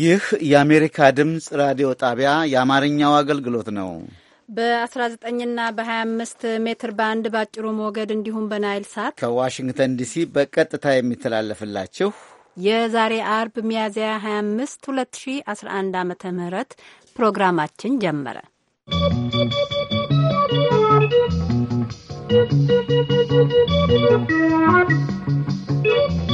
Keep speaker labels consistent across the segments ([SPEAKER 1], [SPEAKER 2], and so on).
[SPEAKER 1] ይህ የአሜሪካ ድምፅ ራዲዮ ጣቢያ የአማርኛው አገልግሎት ነው።
[SPEAKER 2] በ19ና በ25 ሜትር ባንድ ባጭሩ ሞገድ እንዲሁም በናይል ሳት
[SPEAKER 1] ከዋሽንግተን ዲሲ በቀጥታ የሚተላለፍላችሁ
[SPEAKER 2] የዛሬ አርብ ሚያዝያ 25 2011 ዓ ም ፕሮግራማችን ጀመረ።
[SPEAKER 3] ¶¶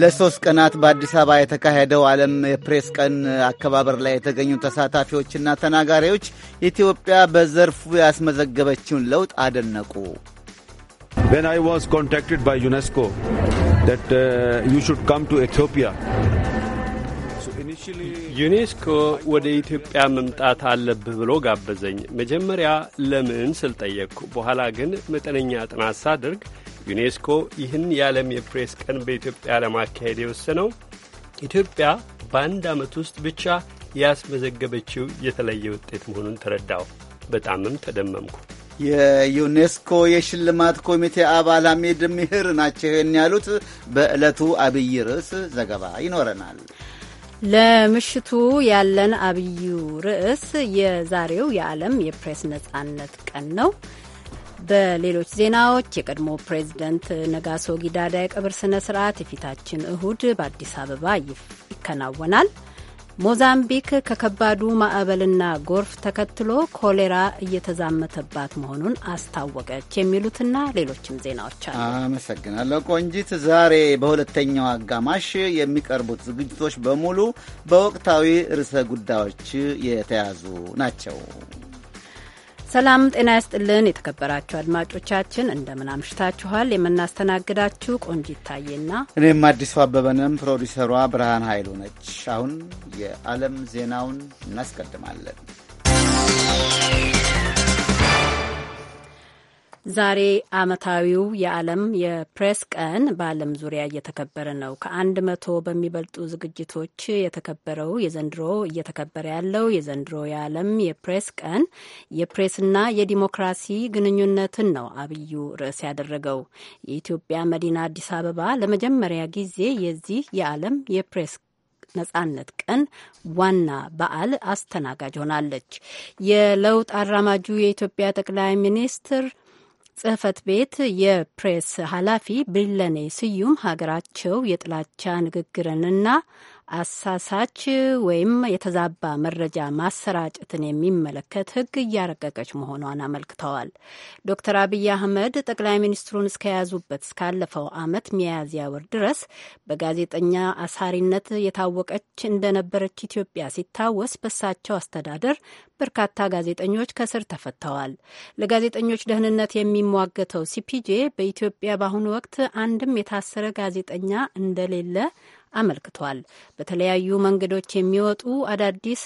[SPEAKER 1] ለሶስት ቀናት በአዲስ አበባ የተካሄደው ዓለም የፕሬስ ቀን አከባበር ላይ የተገኙ ተሳታፊዎችና ተናጋሪዎች ኢትዮጵያ በዘርፉ ያስመዘገበችውን ለውጥ አደነቁ። When I was contacted by UNESCO that uh, you should come to Ethiopia. ዩኔስኮ ወደ ኢትዮጵያ
[SPEAKER 4] መምጣት አለብህ ብሎ ጋበዘኝ። መጀመሪያ ለምን ስል ጠየቅኩ። በኋላ ግን መጠነኛ ጥናት ሳድርግ ዩኔስኮ ይህን የዓለም የፕሬስ ቀን በኢትዮጵያ ለማካሄድ የወሰነው ኢትዮጵያ በአንድ ዓመት ውስጥ ብቻ ያስመዘገበችው የተለየ ውጤት መሆኑን ተረዳው። በጣምም ተደመምኩ።
[SPEAKER 1] የዩኔስኮ የሽልማት ኮሚቴ አባል ሐሚድ ምህር ናቸው ይህን ያሉት። በዕለቱ አብይ ርዕስ ዘገባ ይኖረናል።
[SPEAKER 2] ለምሽቱ ያለን አብዩ ርዕስ የዛሬው የዓለም የፕሬስ ነጻነት ቀን ነው። በሌሎች ዜናዎች የቀድሞ ፕሬዝደንት ነጋሶ ጊዳዳ የቀብር ስነ ስርዓት የፊታችን እሁድ በአዲስ አበባ ይከናወናል። ሞዛምቢክ ከከባዱ ማዕበልና ጎርፍ ተከትሎ ኮሌራ እየተዛመተባት መሆኑን አስታወቀች። የሚሉትና ሌሎችም ዜናዎች አሉ።
[SPEAKER 1] አመሰግናለሁ ቆንጂት። ዛሬ በሁለተኛው አጋማሽ የሚቀርቡት ዝግጅቶች በሙሉ በወቅታዊ ርዕሰ ጉዳዮች የተያዙ ናቸው።
[SPEAKER 2] ሰላም ጤና ያስጥልን። የተከበራችሁ አድማጮቻችን እንደምን አምሽታችኋል? የምናስተናግዳችሁ ቆንጂት ታዬና
[SPEAKER 1] እኔም አዲሱ አበበንም ፕሮዲሰሯ ብርሃን ኃይሉ ነች። አሁን የዓለም ዜናውን እናስቀድማለን።
[SPEAKER 2] ዛሬ ዓመታዊው የዓለም የፕሬስ ቀን በዓለም ዙሪያ እየተከበረ ነው። ከአንድ መቶ በሚበልጡ ዝግጅቶች የተከበረው የዘንድሮ እየተከበረ ያለው የዘንድሮ የዓለም የፕሬስ ቀን የፕሬስና የዲሞክራሲ ግንኙነትን ነው አብዩ ርዕስ ያደረገው። የኢትዮጵያ መዲና አዲስ አበባ ለመጀመሪያ ጊዜ የዚህ የዓለም የፕሬስ ነጻነት ቀን ዋና በዓል አስተናጋጅ ሆናለች። የለውጥ አራማጁ የኢትዮጵያ ጠቅላይ ሚኒስትር ጽህፈት ቤት የፕሬስ ኃላፊ ቢለኔ ስዩም ሀገራቸው የጥላቻ ንግግርንና አሳሳች ወይም የተዛባ መረጃ ማሰራጨትን የሚመለከት ሕግ እያረቀቀች መሆኗን አመልክተዋል። ዶክተር አብይ አህመድ ጠቅላይ ሚኒስትሩን እስከያዙበት እስካለፈው ዓመት ሚያዝያ ወር ድረስ በጋዜጠኛ አሳሪነት የታወቀች እንደነበረች ኢትዮጵያ ሲታወስ በሳቸው አስተዳደር በርካታ ጋዜጠኞች ከስር ተፈተዋል። ለጋዜጠኞች ደህንነት የሚሟገተው ሲፒጄ በኢትዮጵያ በአሁኑ ወቅት አንድም የታሰረ ጋዜጠኛ እንደሌለ አመልክቷል። በተለያዩ መንገዶች የሚወጡ አዳዲስ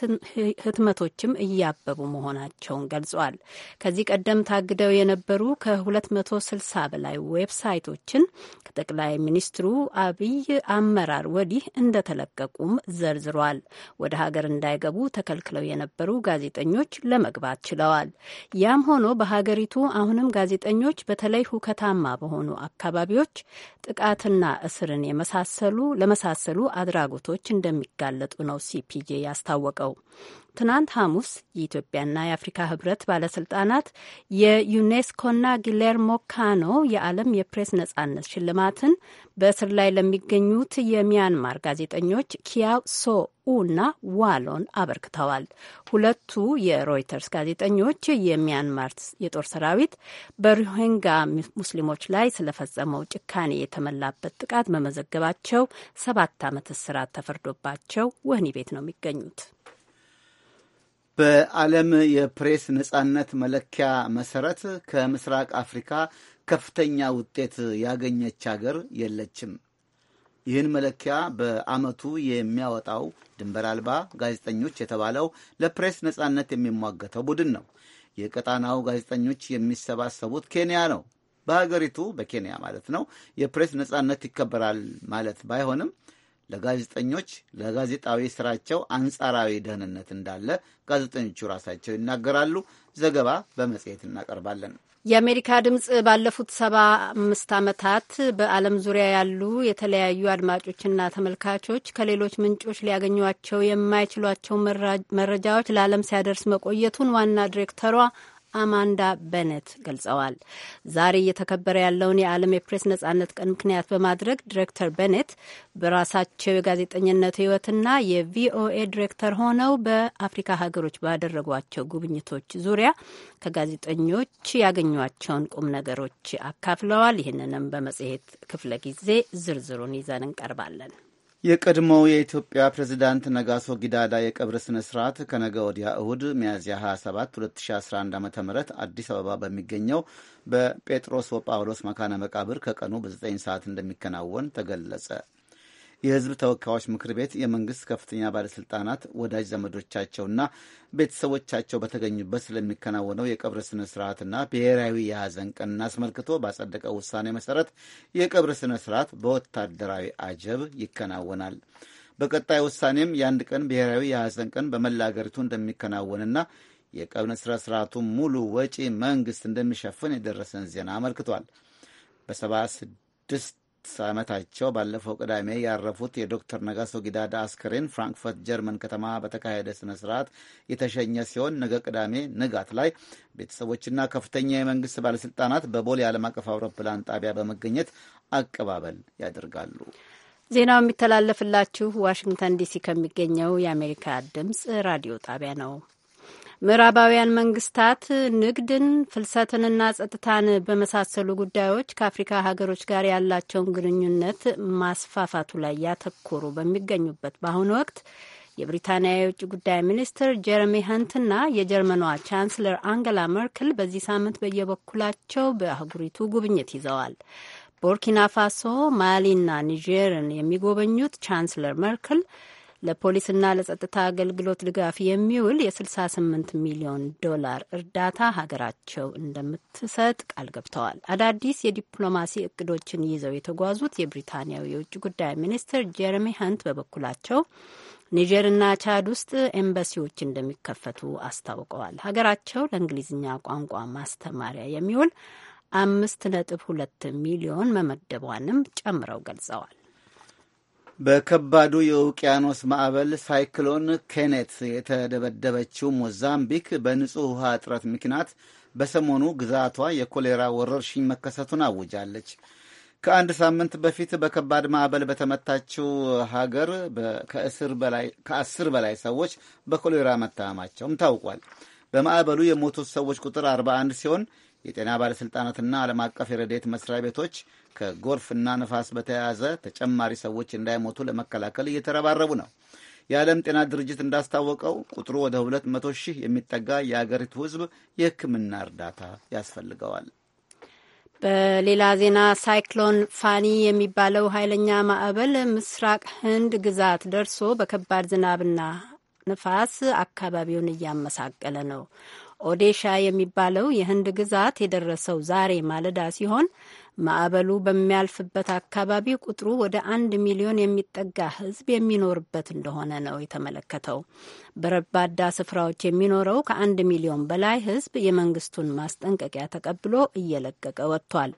[SPEAKER 2] ህትመቶችም እያበቡ መሆናቸውን ገልጿል። ከዚህ ቀደም ታግደው የነበሩ ከ260 በላይ ዌብሳይቶችን ከጠቅላይ ሚኒስትሩ አብይ አመራር ወዲህ እንደተለቀቁም ዘርዝሯል። ወደ ሀገር እንዳይገቡ ተከልክለው የነበሩ ጋዜጠኞች ለመግባት ችለዋል። ያም ሆኖ በሀገሪቱ አሁንም ጋዜጠኞች በተለይ ሁከታማ በሆኑ አካባቢዎች ጥቃትና እስርን የመሳሰሉ ለመሳሰሉ ለመሳሰሉ አድራጎቶች እንደሚጋለጡ ነው ሲፒጄ ያስታወቀው። ትናንት ሐሙስ የኢትዮጵያና የአፍሪካ ህብረት ባለስልጣናት የዩኔስኮና ጊሌርሞ ካኖ የዓለም የፕሬስ ነጻነት ሽልማትን በእስር ላይ ለሚገኙት የሚያንማር ጋዜጠኞች ኪያው ሶ እና ዋሎን አበርክተዋል። ሁለቱ የሮይተርስ ጋዜጠኞች የሚያንማር የጦር ሰራዊት በሮሂንጋ ሙስሊሞች ላይ ስለፈጸመው ጭካኔ የተመላበት ጥቃት በመዘገባቸው ሰባት ዓመት እስራት ተፈርዶባቸው ወህኒ ቤት ነው የሚገኙት።
[SPEAKER 1] በዓለም የፕሬስ ነጻነት መለኪያ መሰረት ከምስራቅ አፍሪካ ከፍተኛ ውጤት ያገኘች ሀገር የለችም። ይህን መለኪያ በአመቱ የሚያወጣው ድንበር አልባ ጋዜጠኞች የተባለው ለፕሬስ ነጻነት የሚሟገተው ቡድን ነው። የቀጣናው ጋዜጠኞች የሚሰባሰቡት ኬንያ ነው። በሀገሪቱ በኬንያ ማለት ነው የፕሬስ ነጻነት ይከበራል ማለት ባይሆንም ለጋዜጠኞች ለጋዜጣዊ ስራቸው አንጻራዊ ደህንነት እንዳለ ጋዜጠኞቹ ራሳቸው ይናገራሉ። ዘገባ በመጽሔት እናቀርባለን።
[SPEAKER 2] የአሜሪካ ድምፅ ባለፉት ሰባ አምስት ዓመታት በዓለም ዙሪያ ያሉ የተለያዩ አድማጮችና ተመልካቾች ከሌሎች ምንጮች ሊያገኟቸው የማይችሏቸው መረጃዎች ለዓለም ሲያደርስ መቆየቱን ዋና ዲሬክተሯ አማንዳ በነት ገልጸዋል። ዛሬ እየተከበረ ያለውን የዓለም የፕሬስ ነጻነት ቀን ምክንያት በማድረግ ዲሬክተር በነት በራሳቸው የጋዜጠኝነት ህይወትና የቪኦኤ ዲሬክተር ሆነው በአፍሪካ ሀገሮች ባደረጓቸው ጉብኝቶች ዙሪያ ከጋዜጠኞች ያገኟቸውን ቁም ነገሮች አካፍለዋል። ይህንንም በመጽሔት ክፍለ ጊዜ ዝርዝሩን ይዘን እንቀርባለን።
[SPEAKER 1] የቀድሞው የኢትዮጵያ ፕሬዚዳንት ነጋሶ ጊዳዳ የቀብር ስነ ስርዓት ከነገ ወዲያ እሁድ ሚያዝያ 27 2011 ዓ ም አዲስ አበባ በሚገኘው በጴጥሮስ ወጳውሎስ መካነ መቃብር ከቀኑ በ9 ሰዓት እንደሚከናወን ተገለጸ። የህዝብ ተወካዮች ምክር ቤት የመንግስት ከፍተኛ ባለስልጣናት ወዳጅ ዘመዶቻቸውና ቤተሰቦቻቸው በተገኙበት ስለሚከናወነው የቀብር ስነ ስርዓትና ብሔራዊ የሐዘን ቀንን አስመልክቶ ባጸደቀው ውሳኔ መሰረት የቀብር ስነ ስርዓት በወታደራዊ አጀብ ይከናወናል። በቀጣይ ውሳኔም የአንድ ቀን ብሔራዊ የሐዘን ቀን በመላ አገሪቱ እንደሚከናወንና የቀብር ስነ ስርዓቱ ሙሉ ወጪ መንግስት እንደሚሸፍን የደረሰን ዜና አመልክቷል። በሰባ ስድስት ዓመታቸው ባለፈው ቅዳሜ ያረፉት የዶክተር ነጋሶ ጊዳዳ አስክሬን ፍራንክፈርት ጀርመን ከተማ በተካሄደ ስነ ስርዓት የተሸኘ ሲሆን ነገ ቅዳሜ ንጋት ላይ ቤተሰቦችና ከፍተኛ የመንግስት ባለስልጣናት በቦሌ የዓለም አቀፍ አውሮፕላን ጣቢያ በመገኘት አቀባበል ያደርጋሉ።
[SPEAKER 2] ዜናው የሚተላለፍላችሁ ዋሽንግተን ዲሲ ከሚገኘው የአሜሪካ ድምፅ ራዲዮ ጣቢያ ነው። ምዕራባውያን መንግስታት ንግድን፣ ፍልሰትንና ጸጥታን በመሳሰሉ ጉዳዮች ከአፍሪካ ሀገሮች ጋር ያላቸውን ግንኙነት ማስፋፋቱ ላይ ያተኮሩ በሚገኙበት በአሁኑ ወቅት የብሪታንያ የውጭ ጉዳይ ሚኒስትር ጀረሚ ሀንትና የጀርመኗ ቻንስለር አንገላ መርክል በዚህ ሳምንት በየበኩላቸው በአህጉሪቱ ጉብኝት ይዘዋል። ቡርኪና ፋሶ፣ ማሊና ኒጀርን የሚጎበኙት ቻንስለር መርክል ለፖሊስና ለጸጥታ አገልግሎት ድጋፍ የሚውል የ68 ሚሊዮን ዶላር እርዳታ ሀገራቸው እንደምትሰጥ ቃል ገብተዋል። አዳዲስ የዲፕሎማሲ እቅዶችን ይዘው የተጓዙት የብሪታንያው የውጭ ጉዳይ ሚኒስትር ጀረሚ ሀንት በበኩላቸው ኒጀርና ቻድ ውስጥ ኤምባሲዎች እንደሚከፈቱ አስታውቀዋል። ሀገራቸው ለእንግሊዝኛ ቋንቋ ማስተማሪያ የሚውል አምስት ነጥብ ሁለት ሚሊዮን መመደቧንም ጨምረው ገልጸዋል።
[SPEAKER 1] በከባዱ የውቅያኖስ ማዕበል ሳይክሎን ኬኔት የተደበደበችው ሞዛምቢክ በንጹህ ውሃ እጥረት ምክንያት በሰሞኑ ግዛቷ የኮሌራ ወረርሽኝ መከሰቱን አውጃለች። ከአንድ ሳምንት በፊት በከባድ ማዕበል በተመታችው ሀገር ከአስር በላይ ሰዎች በኮሌራ መታመማቸውም ታውቋል። በማዕበሉ የሞቱት ሰዎች ቁጥር 41 ሲሆን የጤና ባለሥልጣናትና ዓለም አቀፍ የረድኤት መስሪያ ቤቶች ከጎርፍና ነፋስ በተያያዘ ተጨማሪ ሰዎች እንዳይሞቱ ለመከላከል እየተረባረቡ ነው። የዓለም ጤና ድርጅት እንዳስታወቀው ቁጥሩ ወደ 200 ሺህ የሚጠጋ የአገሪቱ ሕዝብ የሕክምና እርዳታ ያስፈልገዋል።
[SPEAKER 2] በሌላ ዜና ሳይክሎን ፋኒ የሚባለው ኃይለኛ ማዕበል ምስራቅ ህንድ ግዛት ደርሶ በከባድ ዝናብና ንፋስ አካባቢውን እያመሳቀለ ነው። ኦዴሻ የሚባለው የህንድ ግዛት የደረሰው ዛሬ ማለዳ ሲሆን ማዕበሉ በሚያልፍበት አካባቢ ቁጥሩ ወደ አንድ ሚሊዮን የሚጠጋ ሕዝብ የሚኖርበት እንደሆነ ነው የተመለከተው። በረባዳ ስፍራዎች የሚኖረው ከአንድ ሚሊዮን በላይ ሕዝብ የመንግስቱን ማስጠንቀቂያ ተቀብሎ እየለቀቀ ወጥቷል።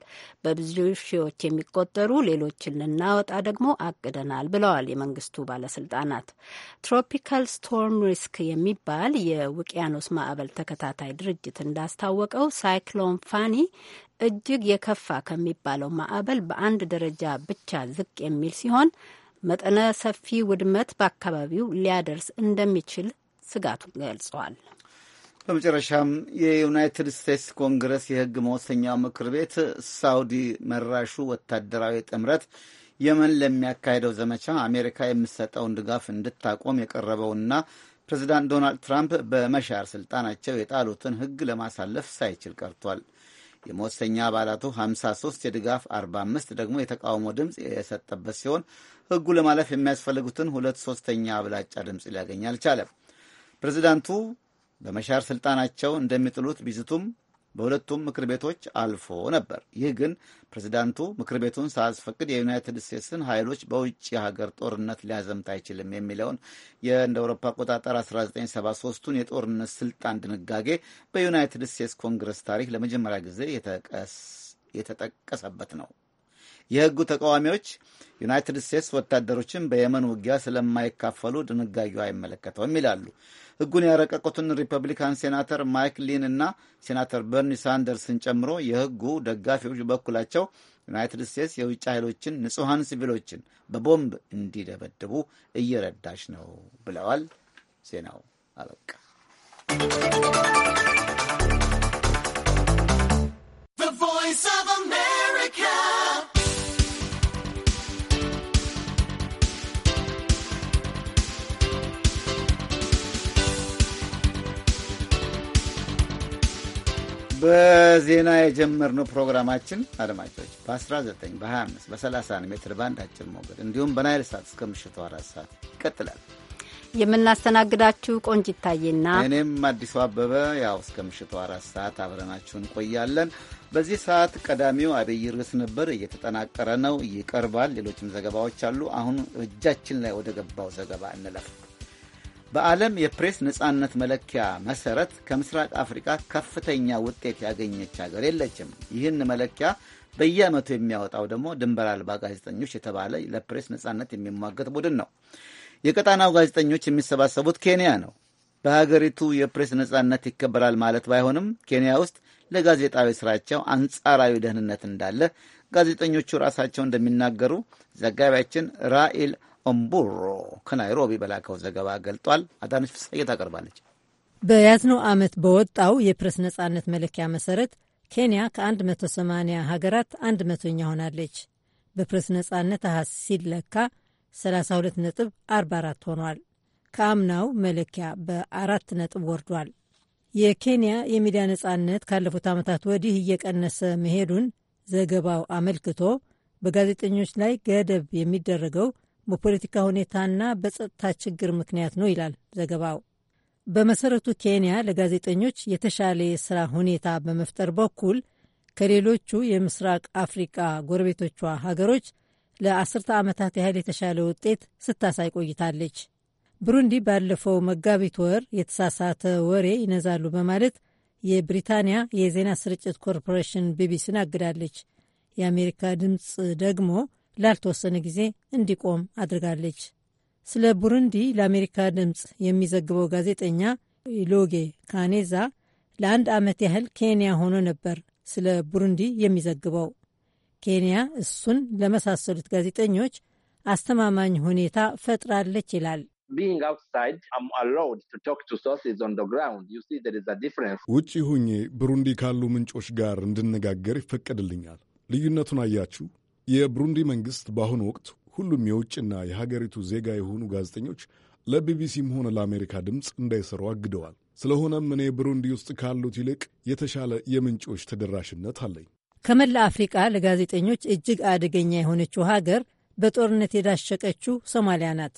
[SPEAKER 2] በብዙ ሺዎች የሚቆጠሩ ሌሎችን ልናወጣ ደግሞ አቅደናል ብለዋል የመንግስቱ ባለስልጣናት። ትሮፒካል ስቶርም ሪስክ የሚባል የውቅያኖስ ማዕበል ተከታታይ ድርጅት እንዳስታወቀው ሳይክሎን ፋኒ እጅግ የከፋ ከሚባለው ማዕበል በአንድ ደረጃ ብቻ ዝቅ የሚል ሲሆን መጠነ ሰፊ ውድመት በአካባቢው ሊያደርስ እንደሚችል ስጋቱ ገልጸዋል።
[SPEAKER 1] በመጨረሻም የዩናይትድ ስቴትስ ኮንግረስ የሕግ መወሰኛው ምክር ቤት ሳውዲ መራሹ ወታደራዊ ጥምረት የመን ለሚያካሄደው ዘመቻ አሜሪካ የምትሰጠውን ድጋፍ እንድታቆም የቀረበውና ፕሬዚዳንት ዶናልድ ትራምፕ በመሻር ስልጣናቸው የጣሉትን ሕግ ለማሳለፍ ሳይችል ቀርቷል። የመወሰኛ አባላቱ 53 የድጋፍ 45 ደግሞ የተቃውሞ ድምፅ የሰጠበት ሲሆን ህጉ ለማለፍ የሚያስፈልጉትን ሁለት ሶስተኛ አብላጫ ድምፅ ሊያገኝ አልቻለም። ፕሬዚዳንቱ በመሻር ስልጣናቸው እንደሚጥሉት ቢዝቱም በሁለቱም ምክር ቤቶች አልፎ ነበር። ይህ ግን ፕሬዚዳንቱ ምክር ቤቱን ሳያስፈቅድ የዩናይትድ ስቴትስን ኃይሎች በውጭ ሀገር ጦርነት ሊያዘምት አይችልም የሚለውን የእንደ አውሮፓ አቆጣጠር 1973ቱን የጦርነት ስልጣን ድንጋጌ በዩናይትድ ስቴትስ ኮንግረስ ታሪክ ለመጀመሪያ ጊዜ የተጠቀሰበት ነው። የህጉ ተቃዋሚዎች ዩናይትድ ስቴትስ ወታደሮችን በየመን ውጊያ ስለማይካፈሉ ድንጋጌው አይመለከተውም ይላሉ። ህጉን ያረቀቁትን ሪፐብሊካን ሴናተር ማይክ ሊን እና ሴናተር በርኒ ሳንደርስን ጨምሮ የህጉ ደጋፊዎች በበኩላቸው ዩናይትድ ስቴትስ የውጭ ኃይሎችን ንጹሐን ሲቪሎችን በቦምብ እንዲደበድቡ እየረዳች ነው ብለዋል። ዜናው አበቃ።
[SPEAKER 5] The voice of
[SPEAKER 6] America
[SPEAKER 1] በዜና የጀመርነው ፕሮግራማችን አድማጮች በ19 በ25 በ 30 ሜትር ባንድ አጭር ሞገድ እንዲሁም በናይል ሳት እስከ ምሽቱ አራት ሰዓት ይቀጥላል።
[SPEAKER 2] የምናስተናግዳችሁ ቆንጅ ይታየና
[SPEAKER 1] እኔም አዲሱ አበበ ያው እስከ ምሽቱ አራት ሰዓት አብረናችሁ እንቆያለን። በዚህ ሰዓት ቀዳሚው አብይ ርዕስ ነበር፣ እየተጠናቀረ ነው፣ ይቀርባል። ሌሎችም ዘገባዎች አሉ። አሁን እጃችን ላይ ወደ ገባው ዘገባ እንለፍ። በዓለም የፕሬስ ነፃነት መለኪያ መሰረት ከምስራቅ አፍሪካ ከፍተኛ ውጤት ያገኘች ሀገር የለችም። ይህን መለኪያ በየዓመቱ የሚያወጣው ደግሞ ድንበር አልባ ጋዜጠኞች የተባለ ለፕሬስ ነፃነት የሚሟገት ቡድን ነው። የቀጣናው ጋዜጠኞች የሚሰባሰቡት ኬንያ ነው። በሀገሪቱ የፕሬስ ነፃነት ይከበራል ማለት ባይሆንም ኬንያ ውስጥ ለጋዜጣዊ ስራቸው አንጻራዊ ደህንነት እንዳለ ጋዜጠኞቹ ራሳቸው እንደሚናገሩ ዘጋቢያችን ራኢል ኦምቡሮ ከናይሮቢ በላከው ዘገባ ገልጧል። አዳነች ፍስሐዬ ታቀርባለች።
[SPEAKER 7] በያዝነው ዓመት በወጣው የፕሬስ ነጻነት መለኪያ መሰረት ኬንያ ከ180 ሀገራት 100ኛ ሆናለች። በፕሬስ ነጻነት አሃዝ ሲለካ 32.44 ሆኗል። ከአምናው መለኪያ በአራት ነጥብ ወርዷል። የኬንያ የሚዲያ ነጻነት ካለፉት ዓመታት ወዲህ እየቀነሰ መሄዱን ዘገባው አመልክቶ በጋዜጠኞች ላይ ገደብ የሚደረገው በፖለቲካ ሁኔታና በጸጥታ ችግር ምክንያት ነው ይላል ዘገባው። በመሰረቱ ኬንያ ለጋዜጠኞች የተሻለ የስራ ሁኔታ በመፍጠር በኩል ከሌሎቹ የምስራቅ አፍሪቃ ጎረቤቶቿ ሀገሮች ለአስርተ ዓመታት ያህል የተሻለ ውጤት ስታሳይ ቆይታለች። ብሩንዲ ባለፈው መጋቢት ወር የተሳሳተ ወሬ ይነዛሉ በማለት የብሪታንያ የዜና ስርጭት ኮርፖሬሽን ቢቢሲን አግዳለች። የአሜሪካ ድምፅ ደግሞ ላልተወሰነ ጊዜ እንዲቆም አድርጋለች። ስለ ቡሩንዲ ለአሜሪካ ድምፅ የሚዘግበው ጋዜጠኛ ኢሎጌ ካኔዛ ለአንድ ዓመት ያህል ኬንያ ሆኖ ነበር ስለ ቡሩንዲ የሚዘግበው። ኬንያ እሱን ለመሳሰሉት ጋዜጠኞች አስተማማኝ ሁኔታ
[SPEAKER 2] ፈጥራለች ይላል።
[SPEAKER 8] ውጭ ሁኜ ብሩንዲ ካሉ ምንጮች ጋር እንድነጋገር ይፈቀድልኛል። ልዩነቱን አያችሁ? የብሩንዲ መንግስት በአሁኑ ወቅት ሁሉም የውጭና የሀገሪቱ ዜጋ የሆኑ ጋዜጠኞች ለቢቢሲም ሆነ ለአሜሪካ ድምፅ እንዳይሰሩ አግደዋል። ስለሆነም እኔ ብሩንዲ ውስጥ ካሉት ይልቅ የተሻለ የምንጮች ተደራሽነት አለኝ።
[SPEAKER 7] ከመላ አፍሪቃ ለጋዜጠኞች እጅግ አደገኛ የሆነችው ሀገር በጦርነት የዳሸቀችው ሶማሊያ ናት።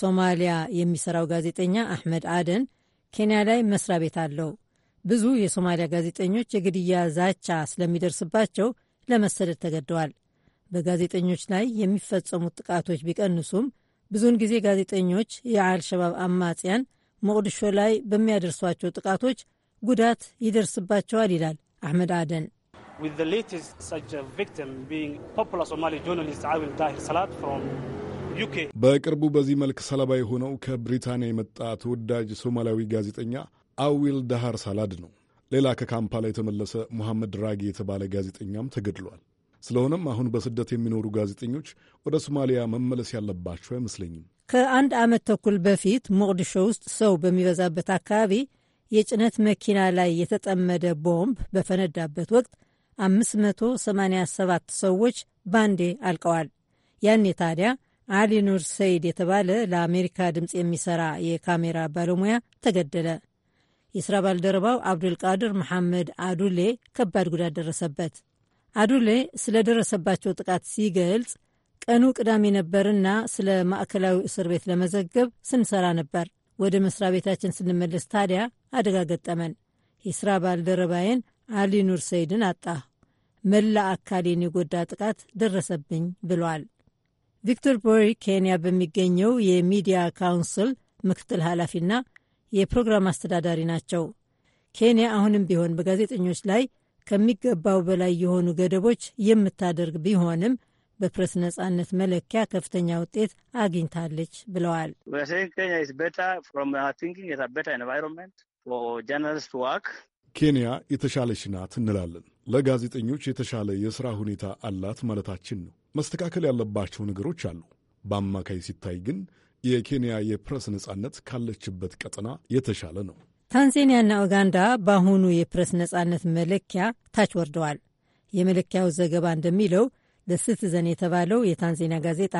[SPEAKER 7] ሶማሊያ የሚሰራው ጋዜጠኛ አሕመድ አደን ኬንያ ላይ መስሪያ ቤት አለው። ብዙ የሶማሊያ ጋዜጠኞች የግድያ ዛቻ ስለሚደርስባቸው ለመሰደድ ተገደዋል። በጋዜጠኞች ላይ የሚፈጸሙት ጥቃቶች ቢቀንሱም ብዙውን ጊዜ ጋዜጠኞች የአልሸባብ አማጽያን ሞቅዲሾ ላይ በሚያደርሷቸው ጥቃቶች ጉዳት ይደርስባቸዋል ይላል አሕመድ አደን።
[SPEAKER 8] በቅርቡ በዚህ መልክ ሰለባ የሆነው ከብሪታንያ የመጣ ተወዳጅ ሶማሊያዊ ጋዜጠኛ አዊል ዳሃር ሳላድ ነው። ሌላ ከካምፓላ የተመለሰ ሙሐመድ ራጊ የተባለ ጋዜጠኛም ተገድሏል። ስለሆነም አሁን በስደት የሚኖሩ ጋዜጠኞች ወደ ሶማሊያ መመለስ ያለባቸው አይመስለኝም።
[SPEAKER 7] ከአንድ ዓመት ተኩል በፊት ሞቅዲሾ ውስጥ ሰው በሚበዛበት አካባቢ የጭነት መኪና ላይ የተጠመደ ቦምብ በፈነዳበት ወቅት 587 ሰዎች ባንዴ አልቀዋል። ያኔ ታዲያ አሊ ኑር ሰይድ የተባለ ለአሜሪካ ድምፅ የሚሰራ የካሜራ ባለሙያ ተገደለ። የሥራ ባልደረባው አብዱልቃድር መሐመድ አዱሌ ከባድ ጉዳት ደረሰበት። አዱሌ ስለ ደረሰባቸው ጥቃት ሲገልጽ ቀኑ ቅዳሜ ነበርና ስለ ማዕከላዊ እስር ቤት ለመዘገብ ስንሰራ ነበር። ወደ መስሪያ ቤታችን ስንመለስ ታዲያ አደጋ ገጠመን። የስራ ባልደረባዬን አሊ ኑር ሰይድን አጣሁ። መላ አካሌን የጎዳ ጥቃት ደረሰብኝ ብሏል። ቪክቶር ቦሪ ኬንያ በሚገኘው የሚዲያ ካውንስል ምክትል ኃላፊና የፕሮግራም አስተዳዳሪ ናቸው። ኬንያ አሁንም ቢሆን በጋዜጠኞች ላይ ከሚገባው በላይ የሆኑ ገደቦች የምታደርግ ቢሆንም በፕሬስ ነጻነት መለኪያ ከፍተኛ ውጤት አግኝታለች
[SPEAKER 9] ብለዋል።
[SPEAKER 8] ኬንያ የተሻለች ናት እንላለን። ለጋዜጠኞች የተሻለ የሥራ ሁኔታ አላት ማለታችን ነው። መስተካከል ያለባቸው ነገሮች አሉ። በአማካይ ሲታይ ግን የኬንያ የፕረስ ነጻነት ካለችበት ቀጠና የተሻለ ነው።
[SPEAKER 7] ታንዜኒያና ኡጋንዳ በአሁኑ የፕረስ ነጻነት መለኪያ ታች ወርደዋል። የመለኪያው ዘገባ እንደሚለው ለሲቲዘን የተባለው የታንዜኒያ ጋዜጣ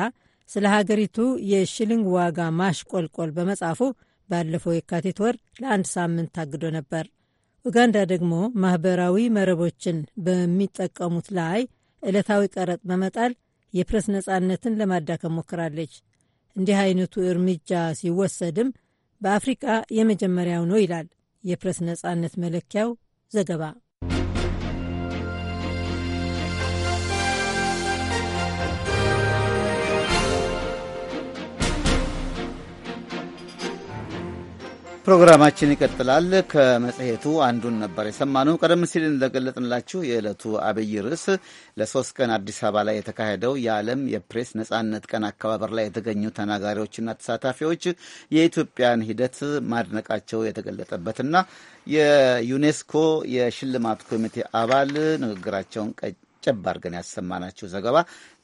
[SPEAKER 7] ስለ ሀገሪቱ የሽልንግ ዋጋ ማሽቆልቆል በመጻፉ ባለፈው የካቲት ወር ለአንድ ሳምንት ታግዶ ነበር። ኡጋንዳ ደግሞ ማኅበራዊ መረቦችን በሚጠቀሙት ላይ ዕለታዊ ቀረጥ በመጣል የፕረስ ነጻነትን ለማዳከም ሞክራለች። እንዲህ አይነቱ እርምጃ ሲወሰድም በአፍሪቃ የመጀመሪያው ነው ይላል የፕሬስ ነጻነት መለኪያው ዘገባ።
[SPEAKER 1] ፕሮግራማችን ይቀጥላል። ከመጽሔቱ አንዱን ነበር የሰማነው። ቀደም ሲል እንደገለጥንላችሁ የዕለቱ አብይ ርዕስ ለሶስት ቀን አዲስ አበባ ላይ የተካሄደው የዓለም የፕሬስ ነጻነት ቀን አከባበር ላይ የተገኙ ተናጋሪዎችና ተሳታፊዎች የኢትዮጵያን ሂደት ማድነቃቸው የተገለጠበትና የዩኔስኮ የሽልማት ኮሚቴ አባል ንግግራቸውን ጨብ አድርገን ያሰማናችሁ ዘገባ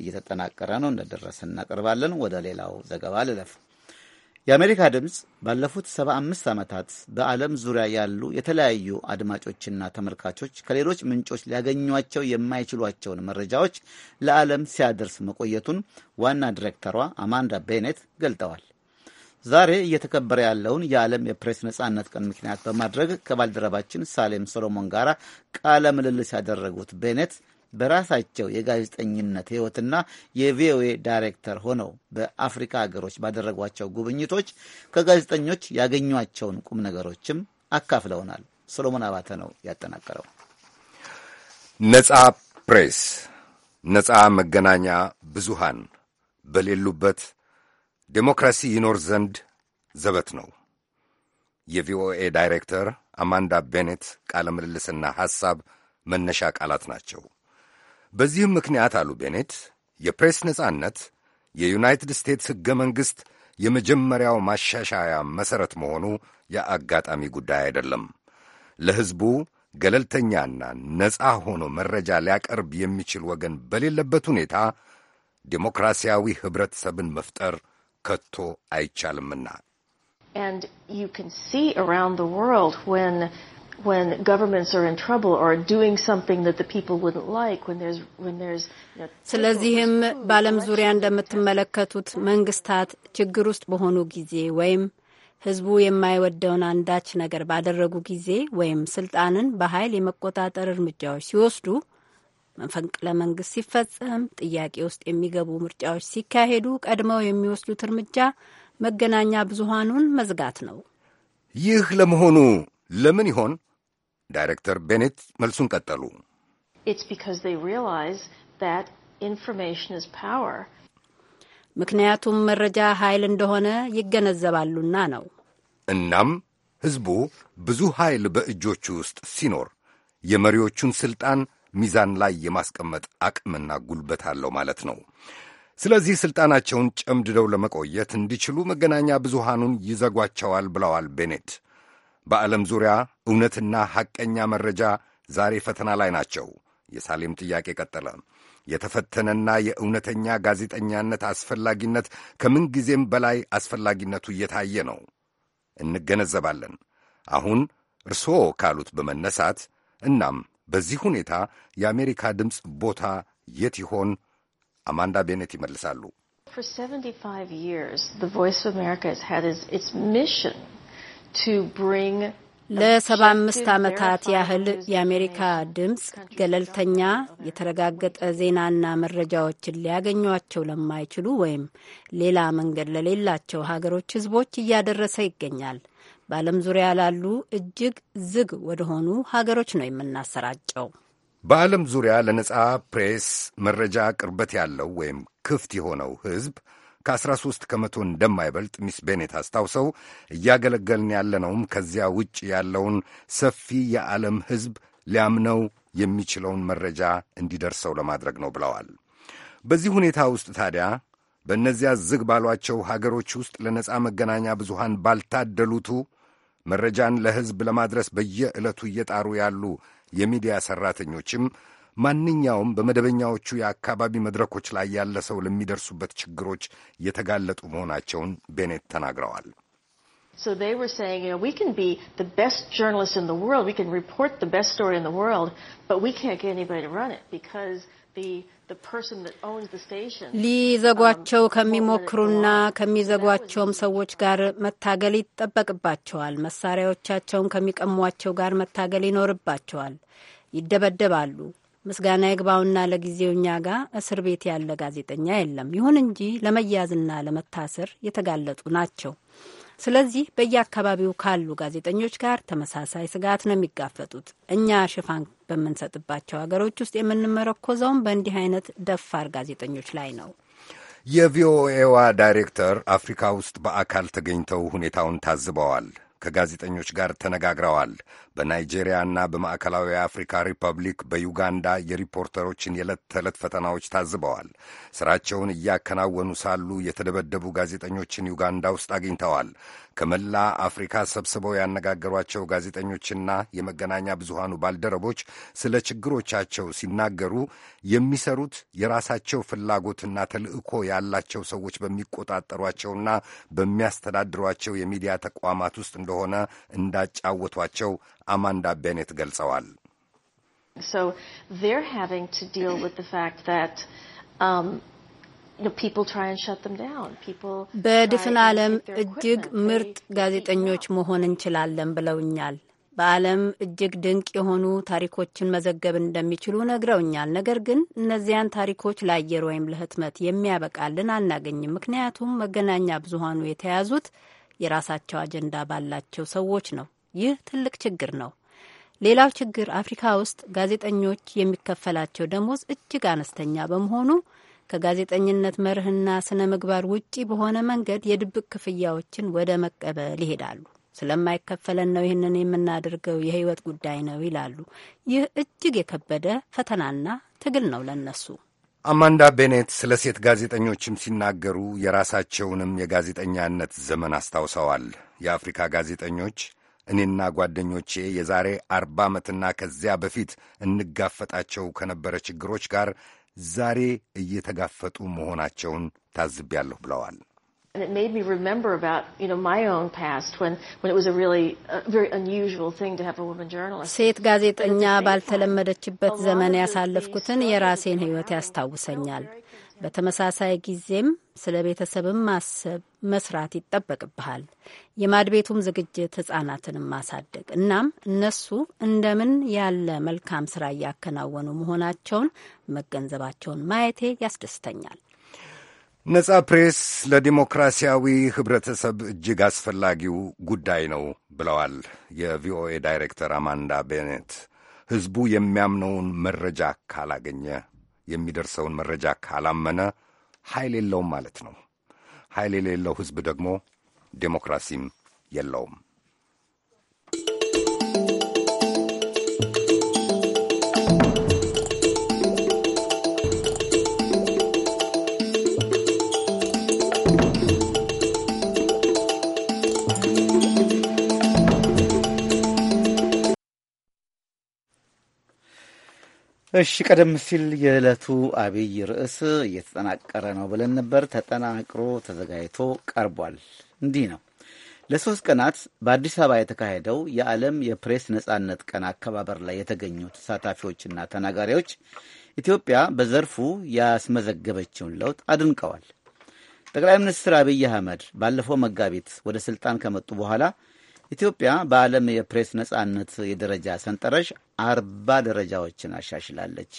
[SPEAKER 1] እየተጠናቀረ ነው። እንደደረሰ እናቀርባለን። ወደ ሌላው ዘገባ ልለፍ። የአሜሪካ ድምፅ ባለፉት 75 ዓመታት በዓለም ዙሪያ ያሉ የተለያዩ አድማጮችና ተመልካቾች ከሌሎች ምንጮች ሊያገኟቸው የማይችሏቸውን መረጃዎች ለዓለም ሲያደርስ መቆየቱን ዋና ዲሬክተሯ አማንዳ ቤኔት ገልጠዋል። ዛሬ እየተከበረ ያለውን የዓለም የፕሬስ ነጻነት ቀን ምክንያት በማድረግ ከባልደረባችን ሳሌም ሶሎሞን ጋር ቃለ ምልልስ ያደረጉት ቤኔት በራሳቸው የጋዜጠኝነት ሕይወትና የቪኦኤ ዳይሬክተር ሆነው በአፍሪካ ሀገሮች ባደረጓቸው ጉብኝቶች ከጋዜጠኞች ያገኟቸውን ቁም ነገሮችም አካፍለውናል። ሶሎሞን አባተ ነው ያጠናቀረው።
[SPEAKER 10] ነጻ ፕሬስ፣ ነጻ መገናኛ ብዙሃን በሌሉበት ዴሞክራሲ ይኖር ዘንድ ዘበት ነው። የቪኦኤ ዳይሬክተር አማንዳ ቤኔት ቃለ ምልልስና ሐሳብ መነሻ ቃላት ናቸው። በዚህም ምክንያት አሉ ቤኔት የፕሬስ ነጻነት የዩናይትድ ስቴትስ ሕገ መንግሥት የመጀመሪያው ማሻሻያ መሠረት መሆኑ የአጋጣሚ ጉዳይ አይደለም። ለሕዝቡ ገለልተኛና ነጻ ሆኖ መረጃ ሊያቀርብ የሚችል ወገን በሌለበት ሁኔታ ዴሞክራሲያዊ ኅብረተሰብን መፍጠር ከቶ አይቻልምና
[SPEAKER 3] when governments are in trouble or doing something that the people wouldn't like when there's when there's ስለዚህም
[SPEAKER 2] በዓለም ዙሪያ እንደምትመለከቱት መንግስታት ችግር ውስጥ በሆኑ ጊዜ ወይም ህዝቡ የማይወደውን አንዳች ነገር ባደረጉ ጊዜ ወይም ስልጣንን በኃይል የመቆጣጠር እርምጃዎች ሲወስዱ፣ መፈንቅለ መንግስት ሲፈጸም፣ ጥያቄ ውስጥ የሚገቡ ምርጫዎች ሲካሄዱ ቀድመው የሚወስዱት እርምጃ መገናኛ ብዙሃኑን መዝጋት ነው።
[SPEAKER 10] ይህ ለመሆኑ ለምን ይሆን? ዳይሬክተር ቤኔት መልሱን ቀጠሉ።
[SPEAKER 2] ምክንያቱም መረጃ ኃይል እንደሆነ ይገነዘባሉና ነው።
[SPEAKER 10] እናም ሕዝቡ ብዙ ኃይል በእጆቹ ውስጥ ሲኖር የመሪዎቹን ሥልጣን ሚዛን ላይ የማስቀመጥ አቅምና ጉልበት አለው ማለት ነው። ስለዚህ ሥልጣናቸውን ጨምድደው ለመቆየት እንዲችሉ መገናኛ ብዙሃኑን ይዘጓቸዋል ብለዋል ቤኔት። በዓለም ዙሪያ እውነትና ሐቀኛ መረጃ ዛሬ ፈተና ላይ ናቸው። የሳሌም ጥያቄ ቀጠለ። የተፈተነና የእውነተኛ ጋዜጠኛነት አስፈላጊነት ከምንጊዜም በላይ አስፈላጊነቱ እየታየ ነው። እንገነዘባለን። አሁን እርስዎ ካሉት በመነሳት እናም በዚህ ሁኔታ የአሜሪካ ድምፅ ቦታ የት ይሆን? አማንዳ ቤኔት ይመልሳሉ።
[SPEAKER 3] For 75 years, the Voice of America has had its, its mission ለሰባ
[SPEAKER 2] አምስት ዓመታት ያህል የአሜሪካ ድምፅ ገለልተኛ የተረጋገጠ ዜናና መረጃዎችን ሊያገኟቸው ለማይችሉ ወይም ሌላ መንገድ ለሌላቸው ሀገሮች ሕዝቦች እያደረሰ ይገኛል። በዓለም ዙሪያ ላሉ እጅግ ዝግ ወደሆኑ ሀገሮች ነው የምናሰራጨው።
[SPEAKER 10] በዓለም ዙሪያ ለነጻ ፕሬስ መረጃ ቅርበት ያለው ወይም ክፍት የሆነው ሕዝብ ከ13 ከመቶ እንደማይበልጥ ሚስ ቤኔት አስታውሰው እያገለገልን ያለነውም ከዚያ ውጭ ያለውን ሰፊ የዓለም ሕዝብ ሊያምነው የሚችለውን መረጃ እንዲደርሰው ለማድረግ ነው ብለዋል። በዚህ ሁኔታ ውስጥ ታዲያ በእነዚያ ዝግ ባሏቸው ሀገሮች ውስጥ ለነፃ መገናኛ ብዙሃን ባልታደሉቱ መረጃን ለሕዝብ ለማድረስ በየዕለቱ እየጣሩ ያሉ የሚዲያ ሠራተኞችም ማንኛውም በመደበኛዎቹ የአካባቢ መድረኮች ላይ ያለ ሰው ለሚደርሱበት ችግሮች የተጋለጡ መሆናቸውን ቤኔት ተናግረዋል።
[SPEAKER 2] ሊዘጓቸው ከሚሞክሩና ከሚዘጓቸውም ሰዎች ጋር መታገል ይጠበቅባቸዋል። መሳሪያዎቻቸውን ከሚቀሟቸው ጋር መታገል ይኖርባቸዋል። ይደበደባሉ። ምስጋና ይግባውና ለጊዜው እኛ ጋር እስር ቤት ያለ ጋዜጠኛ የለም። ይሁን እንጂ ለመያዝና ለመታሰር የተጋለጡ ናቸው። ስለዚህ በየአካባቢው ካሉ ጋዜጠኞች ጋር ተመሳሳይ ስጋት ነው የሚጋፈጡት። እኛ ሽፋን በምንሰጥባቸው ሀገሮች ውስጥ የምንመረኮዘውም በእንዲህ አይነት ደፋር ጋዜጠኞች ላይ ነው።
[SPEAKER 10] የቪኦኤዋ ዳይሬክተር አፍሪካ ውስጥ በአካል ተገኝተው ሁኔታውን ታዝበዋል። ከጋዜጠኞች ጋር ተነጋግረዋል። በናይጄሪያና በማዕከላዊ አፍሪካ ሪፐብሊክ፣ በዩጋንዳ የሪፖርተሮችን የዕለት ተዕለት ፈተናዎች ታዝበዋል። ስራቸውን እያከናወኑ ሳሉ የተደበደቡ ጋዜጠኞችን ዩጋንዳ ውስጥ አግኝተዋል። ከመላ አፍሪካ ሰብስበው ያነጋገሯቸው ጋዜጠኞችና የመገናኛ ብዙሃኑ ባልደረቦች ስለ ችግሮቻቸው ሲናገሩ የሚሰሩት የራሳቸው ፍላጎትና ተልዕኮ ያላቸው ሰዎች በሚቆጣጠሯቸውና በሚያስተዳድሯቸው የሚዲያ ተቋማት ውስጥ እንደሆነ እንዳጫወቷቸው አማንዳ ቤኔት ገልጸዋል።
[SPEAKER 3] So they're having to deal with the fact that um, በድፍን ዓለም እጅግ
[SPEAKER 2] ምርጥ ጋዜጠኞች መሆን እንችላለን ብለውኛል። በዓለም እጅግ ድንቅ የሆኑ ታሪኮችን መዘገብ እንደሚችሉ ነግረውኛል። ነገር ግን እነዚያን ታሪኮች ለአየር ወይም ለህትመት የሚያበቃልን አናገኝም። ምክንያቱም መገናኛ ብዙሃኑ የተያዙት የራሳቸው አጀንዳ ባላቸው ሰዎች ነው። ይህ ትልቅ ችግር ነው። ሌላው ችግር አፍሪካ ውስጥ ጋዜጠኞች የሚከፈላቸው ደሞዝ እጅግ አነስተኛ በመሆኑ ከጋዜጠኝነት መርህና ስነ ምግባር ውጪ በሆነ መንገድ የድብቅ ክፍያዎችን ወደ መቀበል ይሄዳሉ። ስለማይከፈለን ነው ይህንን የምናደርገው፣ የህይወት ጉዳይ ነው ይላሉ። ይህ እጅግ የከበደ ፈተናና ትግል ነው ለነሱ።
[SPEAKER 10] አማንዳ ቤኔት ስለ ሴት ጋዜጠኞችም ሲናገሩ የራሳቸውንም የጋዜጠኛነት ዘመን አስታውሰዋል። የአፍሪካ ጋዜጠኞች እኔና ጓደኞቼ የዛሬ አርባ ዓመትና ከዚያ በፊት እንጋፈጣቸው ከነበረ ችግሮች ጋር ዛሬ እየተጋፈጡ መሆናቸውን ታዝቤያለሁ ብለዋል።
[SPEAKER 3] uh, ሴት
[SPEAKER 2] ጋዜጠኛ ባልተለመደችበት ዘመን ያሳለፍኩትን የራሴን ሕይወት ያስታውሰኛል። በተመሳሳይ ጊዜም ስለ ቤተሰብም ማሰብ መስራት ይጠበቅብሃል። የማድ ቤቱም ዝግጅት ህጻናትንም ማሳደግ። እናም እነሱ እንደምን ያለ መልካም ስራ እያከናወኑ መሆናቸውን መገንዘባቸውን ማየቴ ያስደስተኛል።
[SPEAKER 10] ነጻ ፕሬስ ለዲሞክራሲያዊ ህብረተሰብ እጅግ አስፈላጊው ጉዳይ ነው ብለዋል የቪኦኤ ዳይሬክተር አማንዳ ቤኔት። ህዝቡ የሚያምነውን መረጃ ካላገኘ የሚደርሰውን መረጃ ካላመነ ኃይል የለውም ማለት ነው። ኃይል የሌለው ሕዝብ ደግሞ ዴሞክራሲም የለውም።
[SPEAKER 1] እሺ ቀደም ሲል የዕለቱ አብይ ርዕስ እየተጠናቀረ ነው ብለን ነበር። ተጠናቅሮ ተዘጋጅቶ ቀርቧል። እንዲህ ነው። ለሶስት ቀናት በአዲስ አበባ የተካሄደው የዓለም የፕሬስ ነጻነት ቀን አከባበር ላይ የተገኙ ተሳታፊዎችና ተናጋሪዎች ኢትዮጵያ በዘርፉ ያስመዘገበችውን ለውጥ አድንቀዋል። ጠቅላይ ሚኒስትር አብይ አህመድ ባለፈው መጋቢት ወደ ስልጣን ከመጡ በኋላ ኢትዮጵያ በዓለም የፕሬስ ነጻነት የደረጃ ሰንጠረዥ አርባ ደረጃዎችን አሻሽላለች።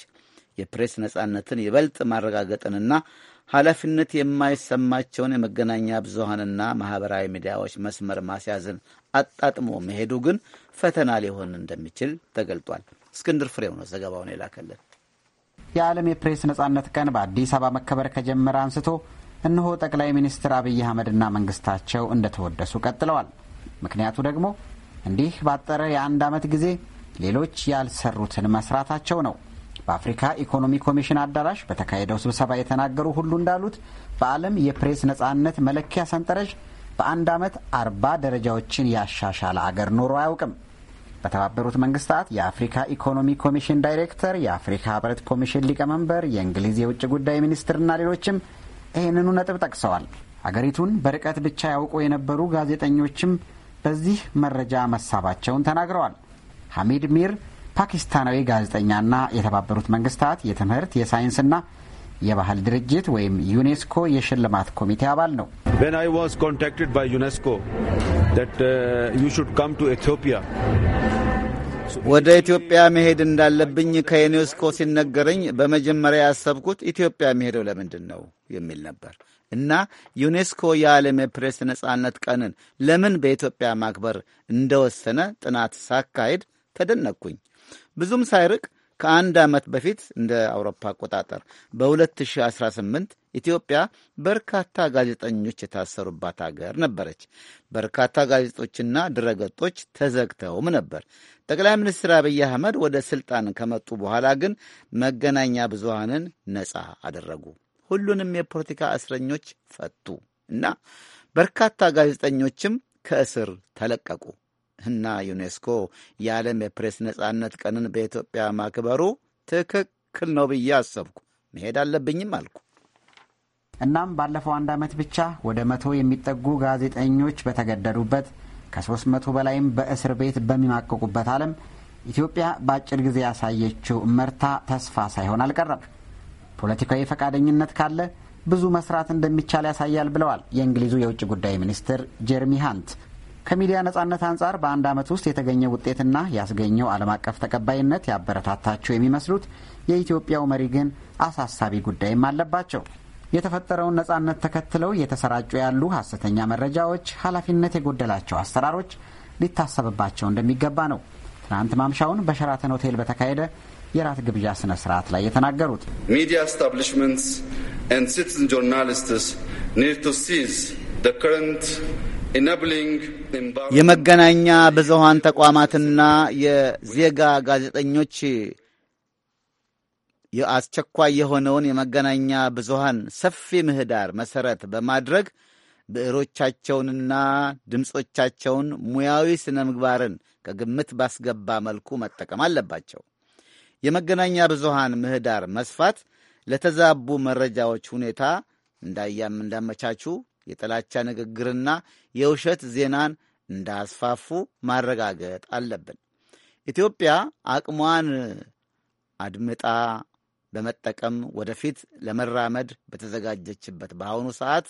[SPEAKER 1] የፕሬስ ነጻነትን ይበልጥ ማረጋገጥንና ኃላፊነት የማይሰማቸውን የመገናኛ ብዙሃንና ማኅበራዊ ሚዲያዎች መስመር ማስያዝን አጣጥሞ መሄዱ ግን ፈተና ሊሆን እንደሚችል ተገልጧል። እስክንድር ፍሬው ነው ዘገባውን የላከልን።
[SPEAKER 11] የዓለም የፕሬስ ነጻነት ቀን በአዲስ አበባ መከበር ከጀመረ አንስቶ እነሆ ጠቅላይ ሚኒስትር አብይ አህመድና መንግስታቸው እንደተወደሱ ቀጥለዋል። ምክንያቱ ደግሞ እንዲህ ባጠረ የአንድ ዓመት ጊዜ ሌሎች ያልሰሩትን መስራታቸው ነው። በአፍሪካ ኢኮኖሚ ኮሚሽን አዳራሽ በተካሄደው ስብሰባ የተናገሩ ሁሉ እንዳሉት በዓለም የፕሬስ ነጻነት መለኪያ ሰንጠረዥ በአንድ ዓመት አርባ ደረጃዎችን ያሻሻለ አገር ኖሮ አያውቅም። በተባበሩት መንግስታት የአፍሪካ ኢኮኖሚ ኮሚሽን ዳይሬክተር፣ የአፍሪካ ህብረት ኮሚሽን ሊቀመንበር፣ የእንግሊዝ የውጭ ጉዳይ ሚኒስትርና ሌሎችም ይህንኑ ነጥብ ጠቅሰዋል። አገሪቱን በርቀት ብቻ ያውቁ የነበሩ ጋዜጠኞችም በዚህ መረጃ መሳባቸውን ተናግረዋል። ሐሚድ ሚር ፓኪስታናዊ ጋዜጠኛና የተባበሩት መንግስታት የትምህርት የሳይንስና የባህል ድርጅት ወይም ዩኔስኮ የሽልማት ኮሚቴ አባል ነው።
[SPEAKER 1] uh, ወደ ኢትዮጵያ መሄድ እንዳለብኝ ከዩኔስኮ ሲነገረኝ በመጀመሪያ ያሰብኩት ኢትዮጵያ መሄደው ለምንድን ነው የሚል ነበር። እና ዩኔስኮ የዓለም የፕሬስ ነጻነት ቀንን ለምን በኢትዮጵያ ማክበር እንደወሰነ ጥናት ሳካሄድ ተደነቅኩኝ። ብዙም ሳይርቅ ከአንድ ዓመት በፊት እንደ አውሮፓ አቆጣጠር በ2018 ኢትዮጵያ በርካታ ጋዜጠኞች የታሰሩባት አገር ነበረች። በርካታ ጋዜጦችና ድረገጦች ተዘግተውም ነበር። ጠቅላይ ሚኒስትር አብይ አህመድ ወደ ስልጣን ከመጡ በኋላ ግን መገናኛ ብዙሃንን ነጻ አደረጉ። ሁሉንም የፖለቲካ እስረኞች ፈቱ እና በርካታ ጋዜጠኞችም ከእስር ተለቀቁ እና ዩኔስኮ የዓለም የፕሬስ ነጻነት ቀንን በኢትዮጵያ ማክበሩ ትክክል ነው ብዬ አሰብኩ። መሄድ አለብኝም አልኩ።
[SPEAKER 11] እናም ባለፈው አንድ ዓመት ብቻ ወደ መቶ የሚጠጉ ጋዜጠኞች በተገደሉበት ከሶስት መቶ በላይም በእስር ቤት በሚማቀቁበት ዓለም ኢትዮጵያ በአጭር ጊዜ ያሳየችው መርታ ተስፋ ሳይሆን አልቀረም። ፖለቲካዊ ፈቃደኝነት ካለ ብዙ መስራት እንደሚቻል ያሳያል ብለዋል የእንግሊዙ የውጭ ጉዳይ ሚኒስትር ጀርሚ ሃንት። ከሚዲያ ነጻነት አንጻር በአንድ ዓመት ውስጥ የተገኘ ውጤትና ያስገኘው ዓለም አቀፍ ተቀባይነት ያበረታታቸው የሚመስሉት የኢትዮጵያው መሪ ግን አሳሳቢ ጉዳይም አለባቸው። የተፈጠረውን ነጻነት ተከትለው እየተሰራጩ ያሉ ሐሰተኛ መረጃዎች፣ ኃላፊነት የጎደላቸው አሰራሮች ሊታሰብባቸው እንደሚገባ ነው ትናንት ማምሻውን በሸራተን ሆቴል በተካሄደ የራት ግብዣ ስነ ስርዓት ላይ የተናገሩት
[SPEAKER 8] ሚዲያ ስታብሊሽመንትስ ኤንድ ሲቲዝን ጆርናሊስትስ ኒድ ቱ ሲዝ ዘ ከረንት
[SPEAKER 1] የመገናኛ ብዙሃን ተቋማትና የዜጋ ጋዜጠኞች የአስቸኳይ የሆነውን የመገናኛ ብዙሃን ሰፊ ምህዳር መሰረት በማድረግ ብዕሮቻቸውንና ድምፆቻቸውን ሙያዊ ስነ ምግባርን ከግምት ባስገባ መልኩ መጠቀም አለባቸው። የመገናኛ ብዙሃን ምህዳር መስፋት ለተዛቡ መረጃዎች ሁኔታ እንዳያም እንዳመቻቹ የጥላቻ ንግግርና የውሸት ዜናን እንዳስፋፉ ማረጋገጥ አለብን። ኢትዮጵያ አቅሟን አድምጣ በመጠቀም ወደፊት ለመራመድ በተዘጋጀችበት በአሁኑ ሰዓት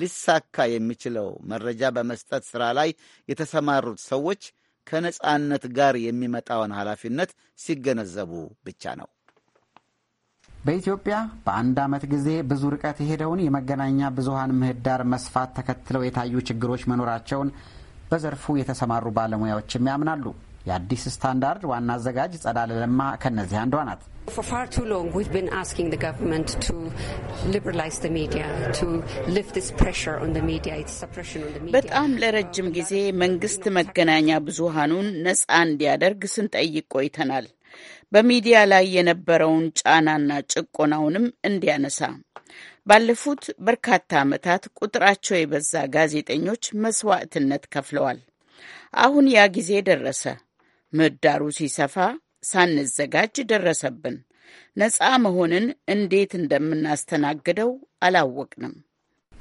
[SPEAKER 1] ሊሳካ የሚችለው መረጃ በመስጠት ሥራ ላይ የተሰማሩት ሰዎች ከነጻነት ጋር የሚመጣውን ኃላፊነት ሲገነዘቡ ብቻ ነው።
[SPEAKER 11] በኢትዮጵያ በአንድ ዓመት ጊዜ ብዙ ርቀት የሄደውን የመገናኛ ብዙሃን ምህዳር መስፋት ተከትለው የታዩ ችግሮች መኖራቸውን በዘርፉ የተሰማሩ ባለሙያዎችም ያምናሉ። የአዲስ ስታንዳርድ ዋና አዘጋጅ ጸዳለ ለማ ከእነዚህ አንዷ ናት። በጣም ለረጅም ጊዜ መንግስት መገናኛ ብዙሃኑን ነፃ እንዲያደርግ ስንጠይቅ ቆይተናል። በሚዲያ ላይ የነበረውን ጫናና ጭቆናውንም እንዲያነሳ ባለፉት በርካታ ዓመታት ቁጥራቸው የበዛ ጋዜጠኞች መስዋዕትነት ከፍለዋል። አሁን ያ ጊዜ ደረሰ። ምህዳሩ ሲሰፋ ሳንዘጋጅ ደረሰብን። ነፃ መሆንን እንዴት እንደምናስተናግደው አላወቅንም።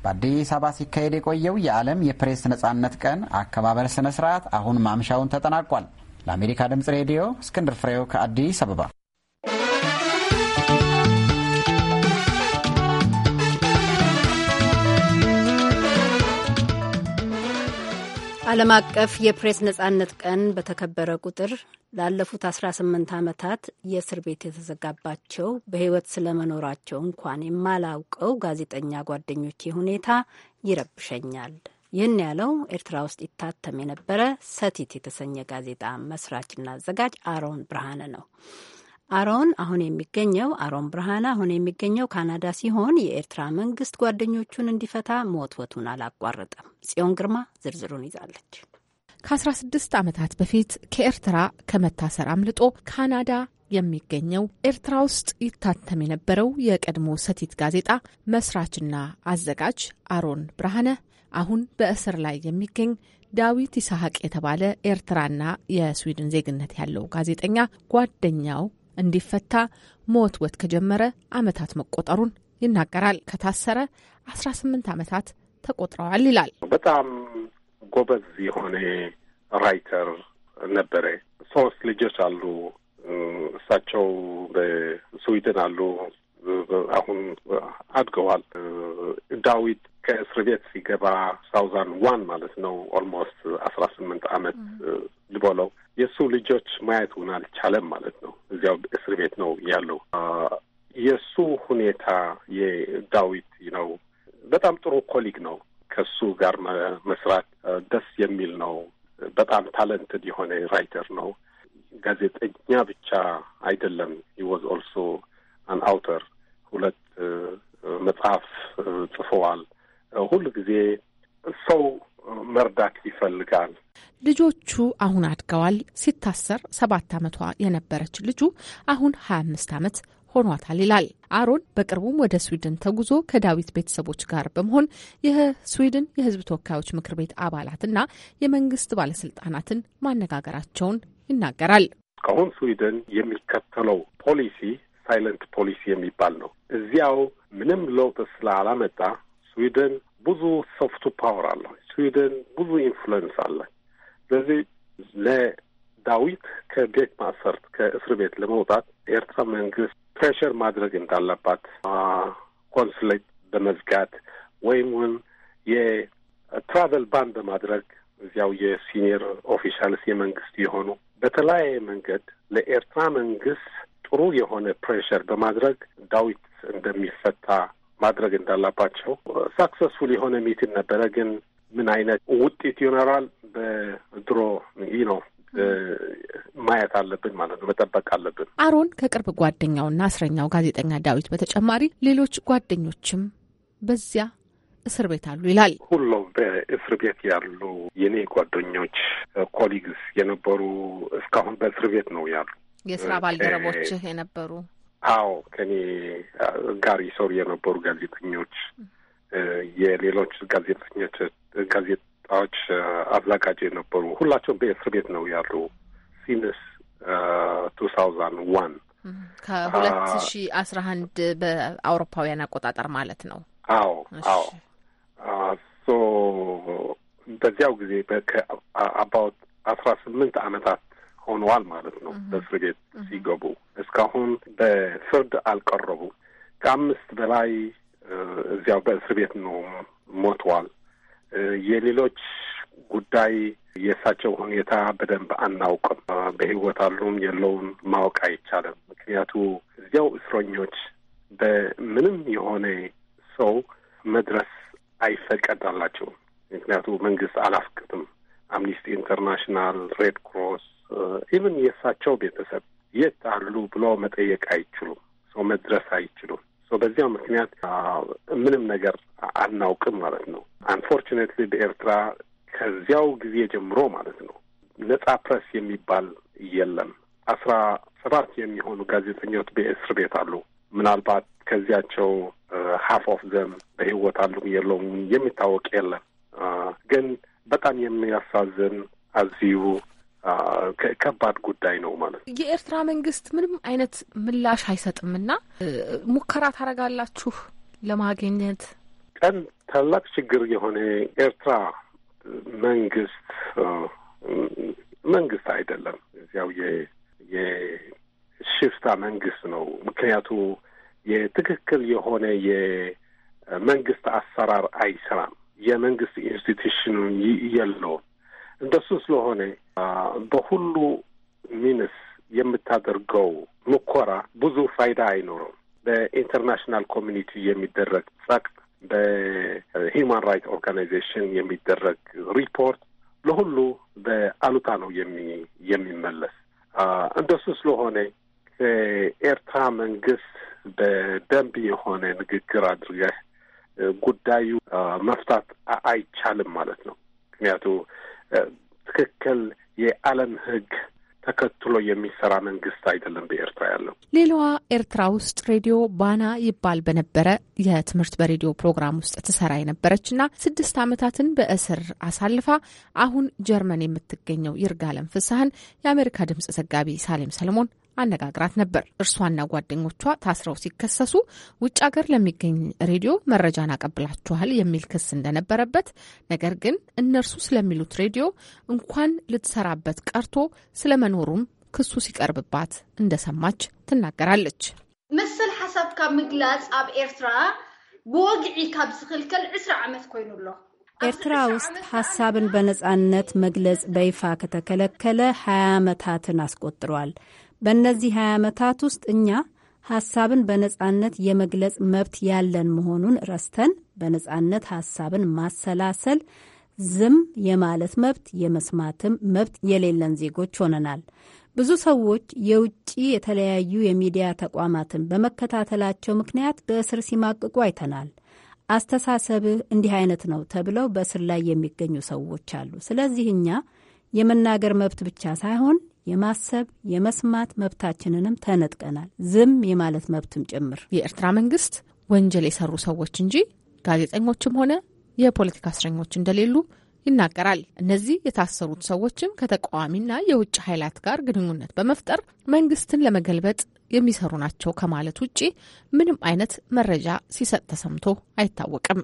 [SPEAKER 11] በአዲስ አበባ ሲካሄድ የቆየው የዓለም የፕሬስ ነፃነት ቀን አከባበር ስነ ስርዓት አሁን ማምሻውን ተጠናቋል። ለአሜሪካ ድምፅ ሬዲዮ እስክንድር ፍሬው ከአዲስ አበባ
[SPEAKER 2] ዓለም አቀፍ የፕሬስ ነጻነት ቀን በተከበረ ቁጥር ላለፉት 18 ዓመታት የእስር ቤት የተዘጋባቸው በሕይወት ስለመኖራቸው እንኳን የማላውቀው ጋዜጠኛ ጓደኞቼ ሁኔታ ይረብሸኛል። ይህን ያለው ኤርትራ ውስጥ ይታተም የነበረ ሰቲት የተሰኘ ጋዜጣ መስራችና አዘጋጅ አሮን ብርሃነ ነው። አሮን አሁን የሚገኘው አሮን ብርሃን አሁን የሚገኘው ካናዳ ሲሆን የኤርትራ መንግስት ጓደኞቹን እንዲፈታ መወትወቱን አላቋረጠም። ጽዮን ግርማ ዝርዝሩን ይዛለች።
[SPEAKER 5] ከ16 ዓመታት በፊት ከኤርትራ ከመታሰር አምልጦ ካናዳ የሚገኘው ኤርትራ ውስጥ ይታተም የነበረው የቀድሞ ሰቲት ጋዜጣ መስራችና አዘጋጅ አሮን ብርሃነ አሁን በእስር ላይ የሚገኝ ዳዊት ይስሐቅ የተባለ ኤርትራና የስዊድን ዜግነት ያለው ጋዜጠኛ ጓደኛው እንዲፈታ መወትወት ከጀመረ ዓመታት መቆጠሩን ይናገራል። ከታሰረ 18 ዓመታት ተቆጥረዋል ይላል።
[SPEAKER 6] በጣም ጎበዝ የሆነ ራይተር ነበረ። ሶስት ልጆች አሉ። እሳቸው በስዊድን አሉ። አሁን አድገዋል። ዳዊት ከእስር ቤት ሲገባ ሳውዛን ዋን ማለት ነው ኦልሞስት አስራ ስምንት አመት ልበለው የእሱ ልጆች ማየቱን አልቻለም ማለት ነው። እዚያው እስር ቤት ነው ያለው። የእሱ ሁኔታ የዳዊት ነው። በጣም ጥሩ ኮሊግ ነው። ከሱ ጋር መስራት ደስ የሚል ነው። በጣም ታለንትድ የሆነ ራይተር ነው። ጋዜጠኛ ብቻ አይደለም። ሂ ዋዝ ኦልሶ አን አውተር ሁለት መጽሐፍ ጽፈዋል። ሁሉ ጊዜ ሰው መርዳት ይፈልጋል።
[SPEAKER 5] ልጆቹ አሁን አድገዋል። ሲታሰር ሰባት ዓመቷ የነበረች ልጁ አሁን ሀያ አምስት ዓመት ሆኗታል ይላል አሮን። በቅርቡም ወደ ስዊድን ተጉዞ ከዳዊት ቤተሰቦች ጋር በመሆን የስዊድን የሕዝብ ተወካዮች ምክር ቤት አባላትና የመንግስት ባለስልጣናትን ማነጋገራቸውን ይናገራል።
[SPEAKER 6] እስካሁን ስዊድን የሚከተለው ፖሊሲ ሳይለንት ፖሊሲ የሚባል ነው። እዚያው ምንም ለውጥ ስላላመጣ ስዊድን ብዙ ሶፍት ፓወር አለው። ስዊድን ብዙ ኢንፍሉዌንስ አለ። ስለዚህ ለዳዊት ከቤት ማሰርት ከእስር ቤት ለመውጣት ኤርትራ መንግስት ፕሬሽር ማድረግ እንዳለባት ኮንስሌት በመዝጋት ወይም የትራቨል ባን በማድረግ እዚያው የሲኒየር ኦፊሻልስ የመንግስት የሆኑ በተለያየ መንገድ ለኤርትራ መንግስት ጥሩ የሆነ ፕሬሽር በማድረግ ዳዊት እንደሚፈታ ማድረግ እንዳለባቸው ሳክሰስፉል የሆነ ሚቲን ነበረ ግን ምን አይነት ውጤት ይኖራል በድሮ ነው ማየት አለብን ማለት ነው። መጠበቅ አለብን።
[SPEAKER 5] አሮን ከቅርብ ጓደኛውና እስረኛው ጋዜጠኛ ዳዊት በተጨማሪ ሌሎች ጓደኞችም በዚያ እስር ቤት አሉ ይላል።
[SPEAKER 6] ሁሉም በእስር ቤት ያሉ የኔ ጓደኞች ኮሊግስ የነበሩ እስካሁን በእስር ቤት ነው ያሉ።
[SPEAKER 5] የስራ ባልደረቦችህ የነበሩ?
[SPEAKER 6] አዎ ከኔ ጋር ይሰሩ የነበሩ ጋዜጠኞች የሌሎች ጋዜጠኞች ጋዜጣዎች አዘጋጅ የነበሩ ሁላቸውም በእስር ቤት ነው ያሉ ሲንስ ቱ ሳውዛንድ ዋን
[SPEAKER 5] ከሁለት ሺ አስራ አንድ በአውሮፓውያን አቆጣጠር ማለት ነው።
[SPEAKER 6] አዎ አዎ ሶ በዚያው ጊዜ ከአባውት አስራ ስምንት አመታት ሆነዋል ማለት ነው በእስር ቤት ሲገቡ። እስካሁን በፍርድ አልቀረቡ። ከአምስት በላይ እዚያው በእስር ቤት ነው ሞተዋል። የሌሎች ጉዳይ የእሳቸው ሁኔታ በደንብ አናውቅም። በህይወት አሉም የለውም ማወቅ አይቻልም። ምክንያቱ እዚያው እስረኞች በምንም የሆነ ሰው መድረስ አይፈቀዳላቸውም። ምክንያቱ መንግስት አላስቅትም። አምኒስቲ ኢንተርናሽናል፣ ሬድ ክሮስ ኢቨን የእሳቸው ቤተሰብ የት አሉ ብሎ መጠየቅ አይችሉም። ሰው መድረስ አይችሉም። በዚያው ምክንያት ምንም ነገር አናውቅም ማለት ነው። አንፎርቹኔትሊ በኤርትራ ከዚያው ጊዜ ጀምሮ ማለት ነው ነጻ ፕሬስ የሚባል የለም። አስራ ሰባት የሚሆኑ ጋዜጠኞች በእስር ቤት አሉ። ምናልባት ከዚያቸው ሀፍ ኦፍ ዘም በህይወት አሉ የለውም የሚታወቅ የለም። ግን በጣም የሚያሳዝን እዚሁ ከባድ ጉዳይ ነው ማለት
[SPEAKER 5] ነው። የኤርትራ መንግስት ምንም አይነት ምላሽ አይሰጥም እና ሙከራ ታደርጋላችሁ ለማግኘት
[SPEAKER 6] ቀን ታላቅ ችግር የሆነ ኤርትራ መንግስት መንግስት አይደለም እዚያው የሽፍታ መንግስት ነው። ምክንያቱ የትክክል የሆነ የመንግስት አሰራር አይሰራም። የመንግስት ኢንስቲቱሽኑ የለውም። እንደሱ ስለሆነ በሁሉ ሚንስ የምታደርገው ሙከራ ብዙ ፋይዳ አይኖረውም። በኢንተርናሽናል ኮሚኒቲ የሚደረግ ጸቅ፣ በሂማን ራይት ኦርጋናይዜሽን የሚደረግ ሪፖርት ለሁሉ በአሉታ ነው የሚመለስ። እንደሱ ስለሆነ ከኤርትራ መንግስት በደንብ የሆነ ንግግር አድርገህ ጉዳዩ መፍታት አይቻልም ማለት ነው ምክንያቱ ትክክል የዓለም ሕግ ተከትሎ የሚሰራ መንግስት አይደለም በኤርትራ ያለው።
[SPEAKER 5] ሌላዋ ኤርትራ ውስጥ ሬዲዮ ባና ይባል በነበረ የትምህርት በሬዲዮ ፕሮግራም ውስጥ ትሰራ የነበረችና ስድስት ዓመታትን በእስር አሳልፋ አሁን ጀርመን የምትገኘው ይርጋለም ፍስሐን የአሜሪካ ድምጽ ዘጋቢ ሳሌም ሰለሞን አነጋግራት ነበር። እርሷና ጓደኞቿ ታስረው ሲከሰሱ ውጭ ሀገር ለሚገኝ ሬዲዮ መረጃን አቀብላችኋል የሚል ክስ እንደነበረበት፣ ነገር ግን እነርሱ ስለሚሉት ሬዲዮ እንኳን ልትሰራበት ቀርቶ ስለመኖሩም ክሱ ሲቀርብባት እንደሰማች ትናገራለች።
[SPEAKER 4] መሰል ሓሳብ ካብ ምግላፅ
[SPEAKER 2] ኣብ ኤርትራ ብወግዒ ካብ ዝኽልከል ዕስራ ዓመት ኮይኑ ኣሎ ኤርትራ ውስጥ ሐሳብን በነጻነት መግለጽ በይፋ ከተከለከለ 20 ዓመታትን አስቆጥሯል። በእነዚህ 20 ዓመታት ውስጥ እኛ ሐሳብን በነጻነት የመግለጽ መብት ያለን መሆኑን ረስተን በነጻነት ሐሳብን ማሰላሰል፣ ዝም የማለት መብት፣ የመስማትም መብት የሌለን ዜጎች ሆነናል። ብዙ ሰዎች የውጭ የተለያዩ የሚዲያ ተቋማትን በመከታተላቸው ምክንያት በእስር ሲማቅቁ አይተናል። አስተሳሰብህ እንዲህ አይነት ነው ተብለው በእስር ላይ የሚገኙ ሰዎች አሉ። ስለዚህ እኛ የመናገር መብት ብቻ ሳይሆን የማሰብ የመስማት መብታችንንም ተነጥቀናል። ዝም የማለት መብትም ጭምር። የኤርትራ መንግስት
[SPEAKER 5] ወንጀል የሰሩ ሰዎች እንጂ ጋዜጠኞችም ሆነ የፖለቲካ እስረኞች እንደሌሉ ይናገራል። እነዚህ የታሰሩት ሰዎችም ከተቃዋሚና የውጭ ኃይላት ጋር ግንኙነት በመፍጠር መንግስትን ለመገልበጥ የሚሰሩ ናቸው ከማለት ውጪ ምንም አይነት መረጃ ሲሰጥ ተሰምቶ አይታወቅም።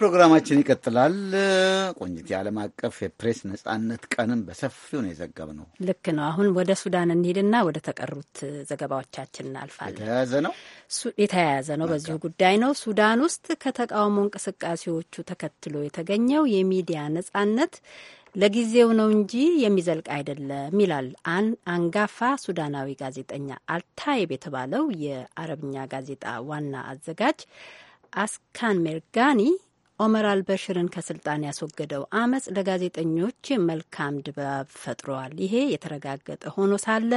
[SPEAKER 1] ፕሮግራማችን ይቀጥላል። ቆንጅት፣ የዓለም አቀፍ የፕሬስ ነጻነት ቀንን በሰፊው ነው ነው።
[SPEAKER 2] ልክ ነው። አሁን ወደ ሱዳን እንሂድና ወደ ተቀሩት ዘገባዎቻችን እናልፋለን። የተያያዘ ነው የተያያዘ ነው በዚሁ ጉዳይ ነው። ሱዳን ውስጥ ከተቃውሞ እንቅስቃሴዎቹ ተከትሎ የተገኘው የሚዲያ ነጻነት ለጊዜው ነው እንጂ የሚዘልቅ አይደለም ይላል አንጋፋ ሱዳናዊ ጋዜጠኛ አልታይብ የተባለው የአረብኛ ጋዜጣ ዋና አዘጋጅ አስካን ሜርጋኒ ኦመር አልበሽርን ከስልጣን ያስወገደው አመፅ ለጋዜጠኞች መልካም ድባብ ፈጥሯል። ይሄ የተረጋገጠ ሆኖ ሳለ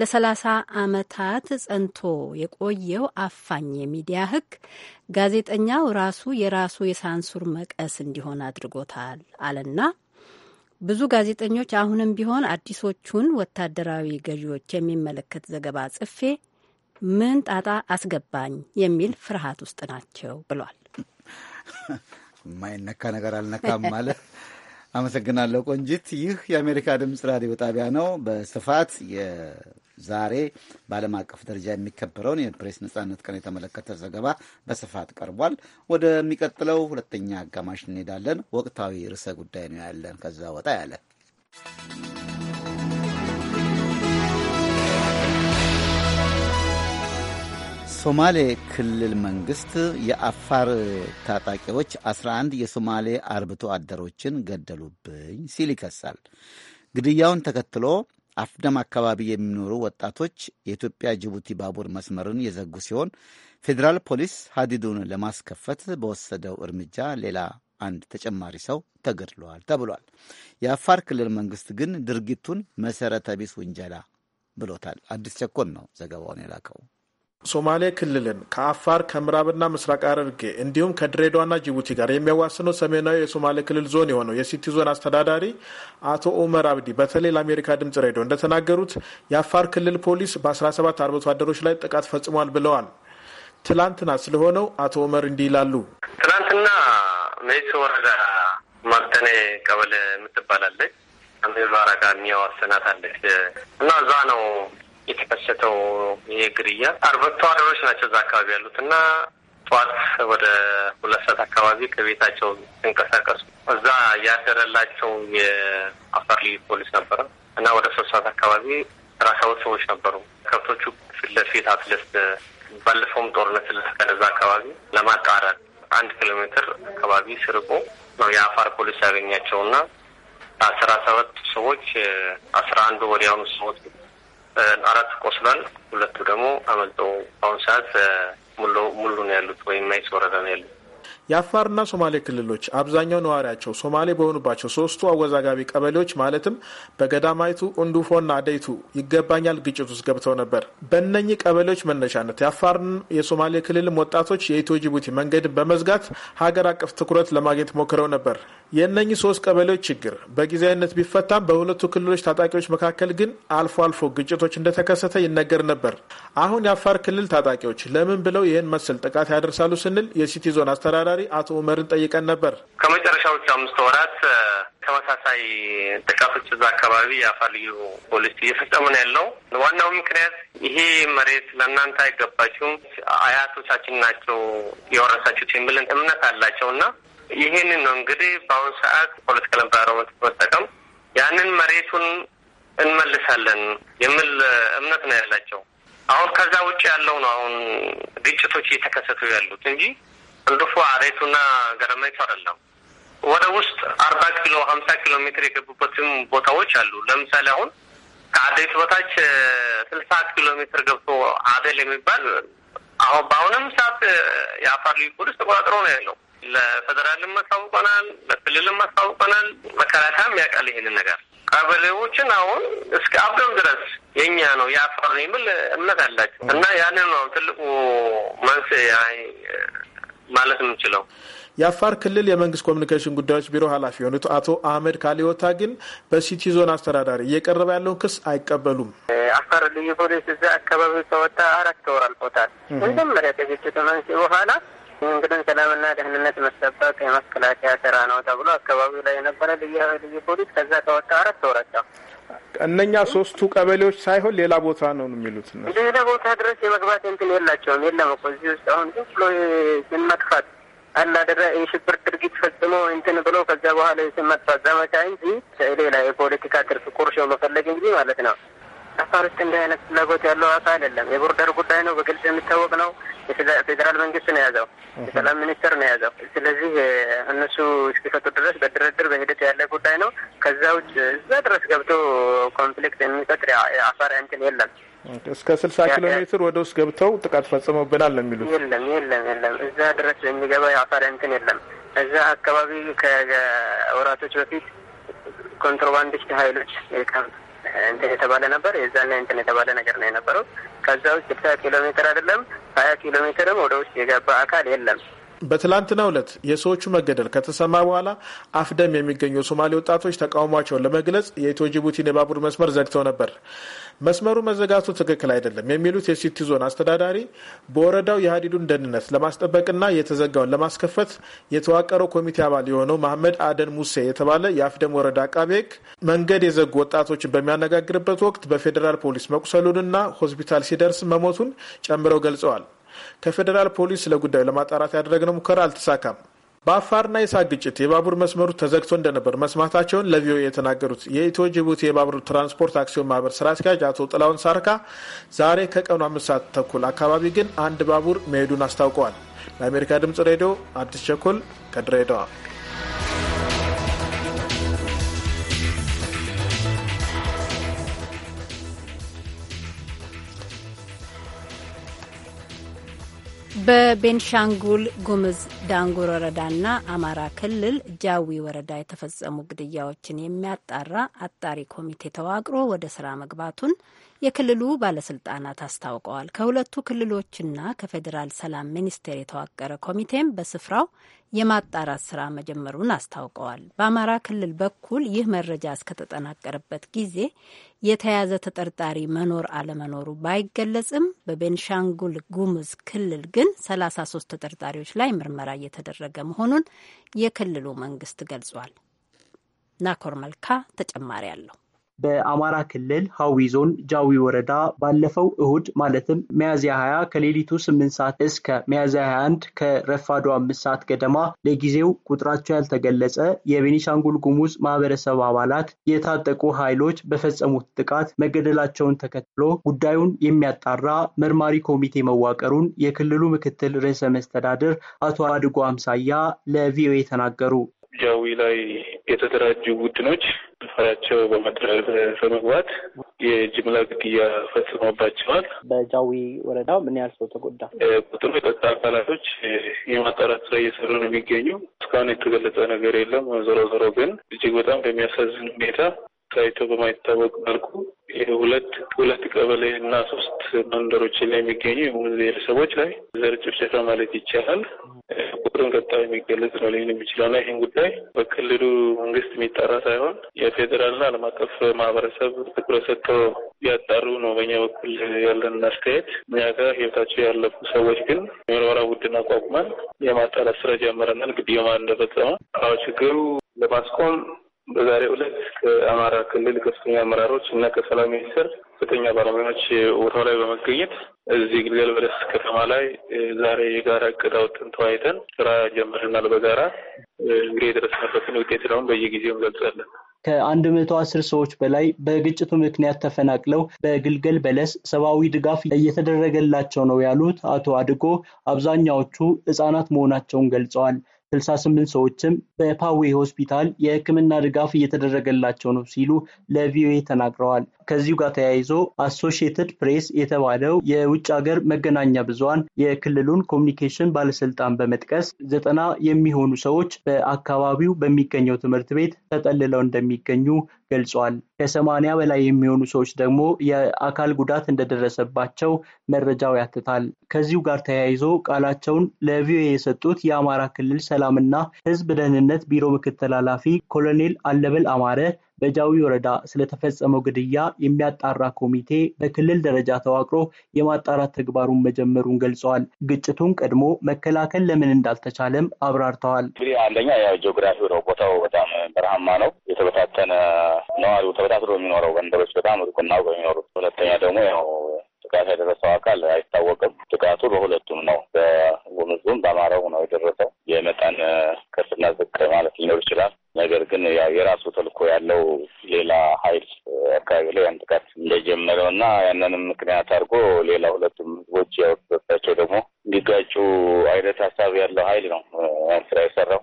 [SPEAKER 2] ለሰላሳ አመታት ጸንቶ የቆየው አፋኝ የሚዲያ ህግ ጋዜጠኛው ራሱ የራሱ የሳንሱር መቀስ እንዲሆን አድርጎታል አለና ብዙ ጋዜጠኞች አሁንም ቢሆን አዲሶቹን ወታደራዊ ገዢዎች የሚመለከት ዘገባ ጽፌ ምን ጣጣ አስገባኝ የሚል ፍርሃት ውስጥ ናቸው ብሏል።
[SPEAKER 1] የማይነካ ነገር አልነካም ማለት። አመሰግናለሁ ቆንጂት። ይህ የአሜሪካ ድምፅ ራዲዮ ጣቢያ ነው። በስፋት የዛሬ በዓለም አቀፍ ደረጃ የሚከበረውን የፕሬስ ነጻነት ቀን የተመለከተ ዘገባ በስፋት ቀርቧል። ወደሚቀጥለው ሁለተኛ አጋማሽ እንሄዳለን። ወቅታዊ ርዕሰ ጉዳይ ነው ያለን ከዛ ወጣ ያለ የሶማሌ ክልል መንግስት የአፋር ታጣቂዎች 11 የሶማሌ አርብቶ አደሮችን ገደሉብኝ ሲል ይከሳል። ግድያውን ተከትሎ አፍደም አካባቢ የሚኖሩ ወጣቶች የኢትዮጵያ ጅቡቲ ባቡር መስመርን የዘጉ ሲሆን ፌዴራል ፖሊስ ሀዲዱን ለማስከፈት በወሰደው እርምጃ ሌላ አንድ ተጨማሪ ሰው ተገድለዋል ተብሏል። የአፋር ክልል መንግስት ግን ድርጊቱን መሰረተ ቢስ ውንጀላ ብሎታል። አዲስ ቸኮል ነው ዘገባውን የላከው። ሶማሌ ክልልን ከአፋር ከምዕራብና
[SPEAKER 12] ምስራቅ ሐረርጌ እንዲሁም ከድሬዳዋና ጅቡቲ ጋር የሚያዋስነው ሰሜናዊ የሶማሌ ክልል ዞን የሆነው የሲቲ ዞን አስተዳዳሪ አቶ ኡመር አብዲ በተለይ ለአሜሪካ ድምጽ ሬዲዮ እንደተናገሩት የአፋር ክልል ፖሊስ በ17 አርብቶ አደሮች ላይ ጥቃት ፈጽሟል ብለዋል። ትላንትና ስለሆነው አቶ ኡመር እንዲህ ይላሉ።
[SPEAKER 4] ትላንትና ሜሶ ወረዳ ማርተኔ ቀበሌ የምትባላለች አሜባራ ጋር የሚያዋስናት አለች እና እዛ ነው የተከሰተው ይሄ ግድያ አርብቶ አደሮች ናቸው እዛ አካባቢ ያሉት እና ጠዋት ወደ ሁለት ሰዓት አካባቢ ከቤታቸው ሲንቀሳቀሱ እዛ ያደረላቸው የአፋር ልዩ ፖሊስ ነበረ እና ወደ ሶስት ሰዓት አካባቢ አስራ ሰባት ሰዎች ነበሩ። ከብቶቹ ፊት ለፊት አትለስ ባለፈውም ጦርነት ስለተካሄደ አካባቢ ለማጣራት አንድ ኪሎ ሜትር አካባቢ ስርቆ ነው የአፋር ፖሊስ ያገኛቸው እና አስራ ሰባት ሰዎች አስራ አንዱ ወዲያውኑ ሰዎች አራት ቆስሏል። ሁለቱ ደግሞ አመልጦ አሁን ሰዓት ሙሉ ነው ያሉት ወይም ናይስ ወረዳ ነው ያሉት።
[SPEAKER 12] የአፋርና ሶማሌ ክልሎች አብዛኛው ነዋሪያቸው ሶማሌ በሆኑባቸው ሶስቱ አወዛጋቢ ቀበሌዎች ማለትም በገዳማይቱ፣ እንዱፎና አደይቱ ይገባኛል ግጭት ውስጥ ገብተው ነበር። በእነኚህ ቀበሌዎች መነሻነት የአፋርን የሶማሌ ክልልም ወጣቶች የኢትዮ ጅቡቲ መንገድን በመዝጋት ሀገር አቀፍ ትኩረት ለማግኘት ሞክረው ነበር። የእነኚህ ሶስት ቀበሌዎች ችግር በጊዜያዊነት ቢፈታም በሁለቱ ክልሎች ታጣቂዎች መካከል ግን አልፎ አልፎ ግጭቶች እንደተከሰተ ይነገር ነበር። አሁን የአፋር ክልል ታጣቂዎች ለምን ብለው ይህን መሰል ጥቃት ያደርሳሉ ስንል የሲቲ ዞን አስተዳዳሪ አማካሪ አቶ ኡመርን ጠይቀን ነበር።
[SPEAKER 4] ከመጨረሻዎቹ አምስት ወራት ተመሳሳይ ጥቃቶች እዛ አካባቢ የአፋር ልዩ ፖሊስ እየፈጸሙ ነው ያለው።
[SPEAKER 13] ዋናው ምክንያት ይሄ መሬት ለእናንተ
[SPEAKER 4] አይገባችሁም፣ አያቶቻችን ናቸው የወረሳችሁት የሚል እምነት አላቸው እና ይህንን ነው እንግዲህ በአሁኑ ሰዓት ፖለቲካ ለምባረው መጠቀም ያንን መሬቱን እንመልሳለን የሚል እምነት ነው ያላቸው። አሁን ከዛ ውጭ ያለው ነው አሁን ግጭቶች እየተከሰቱ ያሉት እንጂ እንዱፎ አሬቱና ገረመቱ አይደለም። ወደ ውስጥ አርባ ኪሎ ሀምሳ ኪሎ ሜትር የገቡበትም ቦታዎች አሉ። ለምሳሌ አሁን ከአዴት በታች ስልሳ ኪሎ ሜትር ገብቶ አደል የሚባል አሁን በአሁንም ሰዓት የአፋር ልዩ ፖሊስ ተቆጣጥሮ ነው ያለው። ለፌዴራልም አስታውቀናል፣ ለክልልም አስታውቀናል። መከላከያም ያውቃል ይሄንን ነገር። ቀበሌዎችን አሁን እስከ አብዶም ድረስ የእኛ ነው የአፋር ነው የሚል እምነት አላቸው እና ያንን ነው ትልቁ መንስኤ ማለት ነው ችለው
[SPEAKER 12] የአፋር ክልል የመንግስት ኮሚኒኬሽን ጉዳዮች ቢሮ ኃላፊ የሆኑት አቶ አህመድ ካሊዮታ ግን በሲቲ ዞን አስተዳዳሪ እየቀረበ ያለውን ክስ አይቀበሉም።
[SPEAKER 13] አፋር ልዩ ፖሊስ እዛ አካባቢ ከወጣ አራት ወር አልፎታል። መጀመሪያ ከግጭቱ መንስኤ በኋላ እንግዲህ ሰላምና ደህንነት መጠበቅ የመከላከያ ስራ ነው ተብሎ አካባቢው ላይ የነበረ ልዩ ፖሊስ ከዛ ከወጣ አራት ወራቸው
[SPEAKER 12] እነኛ ሶስቱ ቀበሌዎች ሳይሆን ሌላ ቦታ ነው የሚሉት ነው። ሌላ
[SPEAKER 13] ቦታ ድረስ የመግባት እንትን የላቸውም። የለም እኮ እዚህ ውስጥ አሁን ዝም ብሎ ስም መጥፋት አናደረ የሽብር ድርጊት ፈጽሞ እንትን ብሎ ከዛ በኋላ የስም መጥፋት ዘመቻ እንጂ ሌላ የፖለቲካ ትርፍ ቁርሾ መፈለግ እንጂ ማለት ነው አፋር ውስጥ እንዲህ አይነት ፍላጎት ያለው አካል አይደለም። የቦርደር ጉዳይ ነው፣ በግልጽ የሚታወቅ ነው። የፌዴራል መንግስት ነው የያዘው፣ የሰላም ሚኒስቴር ነው የያዘው። ስለዚህ እነሱ እስኪፈቱ ድረስ በድርድር በሂደት ያለ ጉዳይ ነው። ከዛ ውጭ እዛ ድረስ ገብቶ ኮንፍሊክት የሚፈጥር አፋር እንትን የለም።
[SPEAKER 12] እስከ ስልሳ ኪሎ ሜትር ወደ ውስጥ ገብተው ጥቃት ፈጽመብናል ነው የሚሉት።
[SPEAKER 13] የለም የለም የለም፣ እዛ ድረስ የሚገባ የአፋር እንትን የለም። እዛ አካባቢ ከወራቶች በፊት ኮንትሮባንዲስት ሀይሎች ካምፕ እንትን የተባለ ነበር። የዛና እንትን የተባለ ነገር ነው የነበረው። ከዛ ውስጥ ስልሳ ኪሎ ሜትር አይደለም ሀያ ኪሎ ሜትርም ወደ ውስጥ የገባ አካል የለም።
[SPEAKER 12] በትላንትና ዕለት የሰዎቹ መገደል ከተሰማ በኋላ አፍደም የሚገኙ የሶማሌ ወጣቶች ተቃውሟቸውን ለመግለጽ የኢትዮ ጅቡቲን የባቡር መስመር ዘግተው ነበር። መስመሩ መዘጋቱ ትክክል አይደለም የሚሉት የሲቲ ዞን አስተዳዳሪ በወረዳው የሀዲዱን ደህንነት ለማስጠበቅና የተዘጋውን ለማስከፈት የተዋቀረው ኮሚቴ አባል የሆነው መሐመድ አደን ሙሴ የተባለ የአፍደም ወረዳ አቃቤ ሕግ መንገድ የዘጉ ወጣቶችን በሚያነጋግርበት ወቅት በፌዴራል ፖሊስ መቁሰሉንና ሆስፒታል ሲደርስ መሞቱን ጨምረው ገልጸዋል። ከፌዴራል ፖሊስ ለጉዳዩ ለማጣራት ያደረግነው ሙከራ አልተሳካም። በአፋርና የሳ ግጭት የባቡር መስመሩ ተዘግቶ እንደነበር መስማታቸውን ለቪኦኤ የተናገሩት የኢትዮ ጅቡቲ የባቡር ትራንስፖርት አክሲዮን ማህበር ስራ አስኪያጅ አቶ ጥላውን ሳርካ ዛሬ ከቀኑ አምስት ሰዓት ተኩል አካባቢ ግን አንድ ባቡር መሄዱን አስታውቀዋል። ለአሜሪካ ድምጽ ሬዲዮ አዲስ ቸኮል ከድሬዳዋ
[SPEAKER 2] በቤንሻንጉል ጉምዝ ዳንጉር ወረዳና አማራ ክልል ጃዊ ወረዳ የተፈጸሙ ግድያዎችን የሚያጣራ አጣሪ ኮሚቴ ተዋቅሮ ወደ ስራ መግባቱን የክልሉ ባለስልጣናት አስታውቀዋል። ከሁለቱ ክልሎችና ከፌዴራል ሰላም ሚኒስቴር የተዋቀረ ኮሚቴም በስፍራው የማጣራት ስራ መጀመሩን አስታውቀዋል። በአማራ ክልል በኩል ይህ መረጃ እስከተጠናቀረበት ጊዜ የተያዘ ተጠርጣሪ መኖር አለመኖሩ ባይገለጽም በቤንሻንጉል ጉሙዝ ክልል ግን 33 ተጠርጣሪዎች ላይ ምርመራ እየተደረገ መሆኑን የክልሉ መንግስት ገልጿል። ናኮር መልካ ተጨማሪ አለው።
[SPEAKER 9] በአማራ ክልል ሀዊ ዞን ጃዊ ወረዳ ባለፈው እሁድ ማለትም ሚያዝያ 20 ከሌሊቱ 8 ሰዓት እስከ ሚያዝያ 21 ከረፋዶ 5 ሰዓት ገደማ ለጊዜው ቁጥራቸው ያልተገለጸ የቤኒሻንጉል ጉሙዝ ማህበረሰብ አባላት የታጠቁ ኃይሎች በፈጸሙት ጥቃት መገደላቸውን ተከትሎ ጉዳዩን የሚያጣራ መርማሪ ኮሚቴ መዋቀሩን የክልሉ ምክትል ርዕሰ መስተዳድር አቶ አድጎ አምሳያ ለቪኦኤ ተናገሩ።
[SPEAKER 14] ጃዊ ላይ የተደራጁ ቡድኖች ፈራቸው በመጥረብ በመግባት የጅምላ ግድያ
[SPEAKER 9] ፈጽሞባቸዋል። በጃዊ ወረዳ ምን ያህል ሰው ተጎዳ?
[SPEAKER 14] ቁጥሩ የጸጥታ አካላቶች የማጣራት ስራ እየሰሩ ነው የሚገኙ። እስካሁን የተገለጸ ነገር የለም። ዞሮ ዞሮ ግን እጅግ በጣም በሚያሳዝን ሁኔታ ታይቶ በማይታወቅ መልኩ ሁለት ሁለት ቀበሌ እና ሶስት መንደሮች ላይ የሚገኙ የሙዝ ብሔረሰቦች ላይ ዘር ጭፍጨፋ ማለት ይቻላል ቁጥሩን ቀጣይ የሚገለጽ ነው ሊሆን የሚችለው እና ይህን ጉዳይ በክልሉ መንግስት የሚጠራ ሳይሆን የፌዴራልና ዓለም አቀፍ ማህበረሰብ ትኩረት ሰጥቶ ያጣሩ ነው በእኛ በኩል ያለን አስተያየት። እኛ ጋር ህይወታቸው ያለፉ ሰዎች ግን የምርመራ ቡድን አቋቁመን የማጣራት ስራ ጀምረናል። ግድያ ማን እንደፈጸመ አዎ ችግሩ ለማስቆም በዛሬው ዕለት ከአማራ ክልል ከፍተኛ አመራሮች እና ከሰላም ሚኒስቴር ከፍተኛ ባለሙያዎች ቦታው ላይ በመገኘት እዚህ ግልገል በለስ ከተማ ላይ ዛሬ የጋራ እቅድ አውጥተን ተወያይተን ስራ ጀምረናል። በጋራ እንግዲህ የደረስንበትን ውጤት ደግሞ በየጊዜው እንገልጻለን።
[SPEAKER 9] ከአንድ መቶ አስር ሰዎች በላይ በግጭቱ ምክንያት ተፈናቅለው በግልገል በለስ ሰብአዊ ድጋፍ እየተደረገላቸው ነው ያሉት አቶ አድጎ አብዛኛዎቹ ህጻናት መሆናቸውን ገልጸዋል። 68 ሰዎችም በፓዌ ሆስፒታል የሕክምና ድጋፍ እየተደረገላቸው ነው ሲሉ ለቪኦኤ ተናግረዋል። ከዚሁ ጋር ተያይዞ አሶሺየትድ ፕሬስ የተባለው የውጭ ሀገር መገናኛ ብዙኃን የክልሉን ኮሚኒኬሽን ባለስልጣን በመጥቀስ ዘጠና የሚሆኑ ሰዎች በአካባቢው በሚገኘው ትምህርት ቤት ተጠልለው እንደሚገኙ ገልጿል። ከሰማኒያ በላይ የሚሆኑ ሰዎች ደግሞ የአካል ጉዳት እንደደረሰባቸው መረጃው ያትታል። ከዚሁ ጋር ተያይዞ ቃላቸውን ለቪኦኤ የሰጡት የአማራ ክልል ሰላምና ሕዝብ ደህንነት ቢሮ ምክትል ኃላፊ ኮሎኔል አለበል አማረ በጃዊ ወረዳ ስለተፈጸመው ግድያ የሚያጣራ ኮሚቴ በክልል ደረጃ ተዋቅሮ የማጣራት ተግባሩን መጀመሩን ገልጸዋል። ግጭቱን ቀድሞ መከላከል ለምን እንዳልተቻለም አብራርተዋል።
[SPEAKER 14] እንግዲህ አንደኛ ያው ጂኦግራፊ ነው። ቦታው በጣም በረሃማ ነው። የተበታተነ ነዋሪው ተበታትሮ የሚኖረው መንደሮች በጣም ሩቅናው የሚኖሩት። ሁለተኛ ደግሞ ያው ጥቃት ያደረሰው አካል አይታወቅም። ጥቃቱ በሁለቱም ነው፣ በጉምዙም በአማራው ነው የደረሰው። የመጠን ከፍና ዝቅ ማለት ሊኖር ይችላል። ነገር ግን የራሱ ተልኮ ያለው ሌላ ሀይል አካባቢ ላይ ያን ጥቃት እንደጀመረው እና ያንንም ምክንያት አድርጎ ሌላ ሁለቱም ህዝቦች ያወጡበታቸው ደግሞ እንዲጋጩ አይነት ሀሳብ ያለው ሀይል ነው ስራ የሰራው።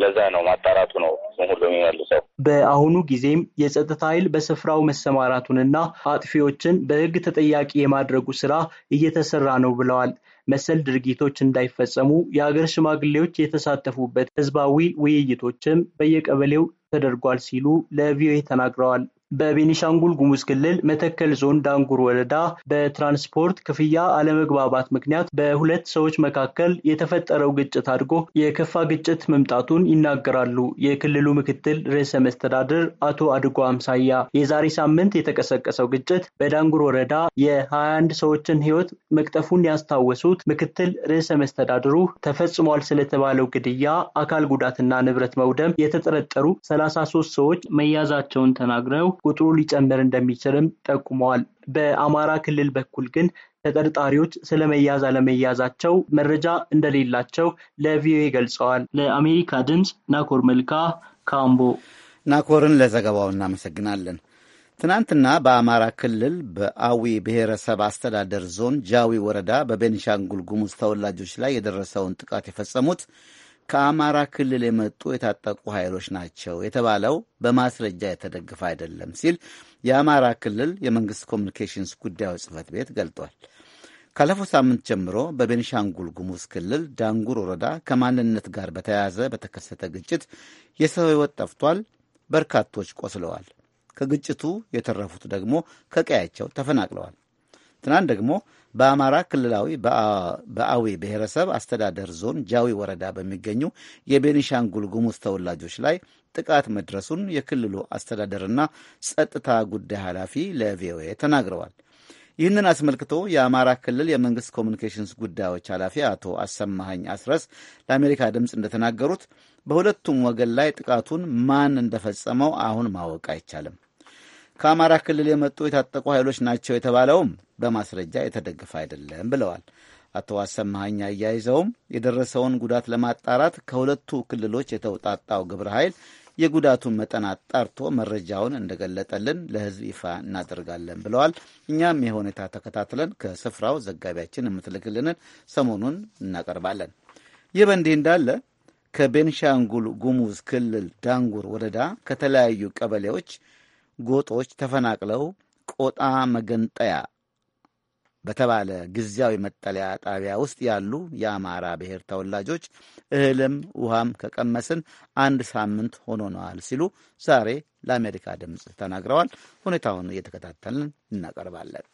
[SPEAKER 14] ለዛ ነው ማጣራቱ ነው ሁሉም የሚመልሰው።
[SPEAKER 9] በአሁኑ ጊዜም የጸጥታ ኃይል በስፍራው መሰማራቱንና አጥፊዎችን በህግ ተጠያቂ የማድረጉ ስራ እየተሰራ ነው ብለዋል። መሰል ድርጊቶች እንዳይፈጸሙ የሀገር ሽማግሌዎች የተሳተፉበት ህዝባዊ ውይይቶችም በየቀበሌው ተደርጓል ሲሉ ለቪኦኤ ተናግረዋል። በቤኒሻንጉል ጉሙዝ ክልል መተከል ዞን ዳንጉር ወረዳ በትራንስፖርት ክፍያ አለመግባባት ምክንያት በሁለት ሰዎች መካከል የተፈጠረው ግጭት አድጎ የከፋ ግጭት መምጣቱን ይናገራሉ የክልሉ ምክትል ርዕሰ መስተዳድር አቶ አድጎ አምሳያ። የዛሬ ሳምንት የተቀሰቀሰው ግጭት በዳንጉር ወረዳ የ21 ሰዎችን ሕይወት መቅጠፉን ያስታወሱት ምክትል ርዕሰ መስተዳድሩ ተፈጽሟል ስለተባለው ግድያ፣ አካል ጉዳትና ንብረት መውደም የተጠረጠሩ 33 ሰዎች መያዛቸውን ተናግረው ቁጥሩ ሊጨምር እንደሚችልም ጠቁመዋል። በአማራ ክልል በኩል ግን ተጠርጣሪዎች ስለመያዝ አለመያዛቸው መረጃ እንደሌላቸው
[SPEAKER 1] ለቪኦኤ ገልጸዋል። ለአሜሪካ ድምፅ ናኮር መልካ ካምቦ። ናኮርን ለዘገባው እናመሰግናለን። ትናንትና በአማራ ክልል በአዊ ብሔረሰብ አስተዳደር ዞን ጃዊ ወረዳ በቤንሻንጉል ጉሙዝ ተወላጆች ላይ የደረሰውን ጥቃት የፈጸሙት ከአማራ ክልል የመጡ የታጠቁ ኃይሎች ናቸው የተባለው በማስረጃ የተደግፈ አይደለም ሲል የአማራ ክልል የመንግስት ኮሚኒኬሽንስ ጉዳዮች ጽህፈት ቤት ገልጧል። ካለፈው ሳምንት ጀምሮ በቤንሻንጉል ጉሙዝ ክልል ዳንጉር ወረዳ ከማንነት ጋር በተያያዘ በተከሰተ ግጭት የሰው ህይወት ጠፍቷል፣ በርካቶች ቆስለዋል። ከግጭቱ የተረፉት ደግሞ ከቀያቸው ተፈናቅለዋል። ትናንት ደግሞ በአማራ ክልላዊ በአዊ ብሔረሰብ አስተዳደር ዞን ጃዊ ወረዳ በሚገኙ የቤኒሻንጉል ጉሙዝ ተወላጆች ላይ ጥቃት መድረሱን የክልሉ አስተዳደርና ጸጥታ ጉዳይ ኃላፊ ለቪኦኤ ተናግረዋል። ይህንን አስመልክቶ የአማራ ክልል የመንግስት ኮሚኒኬሽንስ ጉዳዮች ኃላፊ አቶ አሰማሀኝ አስረስ ለአሜሪካ ድምፅ እንደተናገሩት በሁለቱም ወገን ላይ ጥቃቱን ማን እንደፈጸመው አሁን ማወቅ አይቻልም። ከአማራ ክልል የመጡ የታጠቁ ኃይሎች ናቸው የተባለውም በማስረጃ የተደገፈ አይደለም ብለዋል። አቶ አሰማኸኝ አያይዘውም የደረሰውን ጉዳት ለማጣራት ከሁለቱ ክልሎች የተውጣጣው ግብረ ኃይል የጉዳቱን መጠን አጣርቶ መረጃውን እንደገለጠልን ለሕዝብ ይፋ እናደርጋለን ብለዋል። እኛም የሁኔታ ተከታትለን ከስፍራው ዘጋቢያችን የምትልክልንን ሰሞኑን እናቀርባለን። ይህ በእንዲህ እንዳለ ከቤንሻንጉል ጉሙዝ ክልል ዳንጉር ወረዳ ከተለያዩ ቀበሌዎች ጎጦች ተፈናቅለው ቆጣ መገንጠያ በተባለ ጊዜያዊ መጠለያ ጣቢያ ውስጥ ያሉ የአማራ ብሔር ተወላጆች እህልም ውሃም ከቀመስን አንድ ሳምንት ሆኖናል ሲሉ ዛሬ ለአሜሪካ ድምፅ ተናግረዋል። ሁኔታውን እየተከታተልን እናቀርባለን።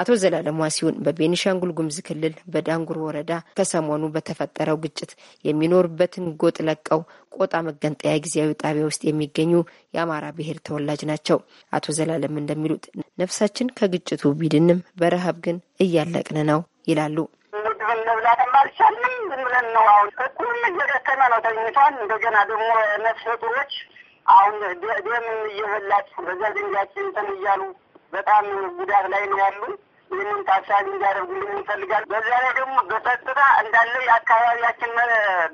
[SPEAKER 15] አቶ ዘላለም ዋሲሁን በቤኒሻንጉል ጉምዝ ክልል በዳንጉር ወረዳ ከሰሞኑ በተፈጠረው ግጭት የሚኖርበትን ጎጥ ለቀው ቆጣ መገንጠያ ጊዜያዊ ጣቢያ ውስጥ የሚገኙ የአማራ ብሔር ተወላጅ ናቸው። አቶ ዘላለም እንደሚሉት ነፍሳችን ከግጭቱ ቢድንም በረሃብ ግን እያለቅን ነው ይላሉ።
[SPEAKER 4] ምግብን መብላትም አልቻልንም። ዝም ብለን ነው አሁን እኩልም እየደከመ ነው ተኝቷል። እንደገና ደግሞ ነፍሰ ጡሮች አሁን ደምን እየበላች በዛ ድንጋያችን እንትን እያሉ በጣም ጉዳት ላይ ነው ያሉ። ይህንን ታሳቢ እንዲያደርጉልን እንፈልጋለን። በዛ ላይ ደግሞ በጸጥታ እንዳለ የአካባቢያችን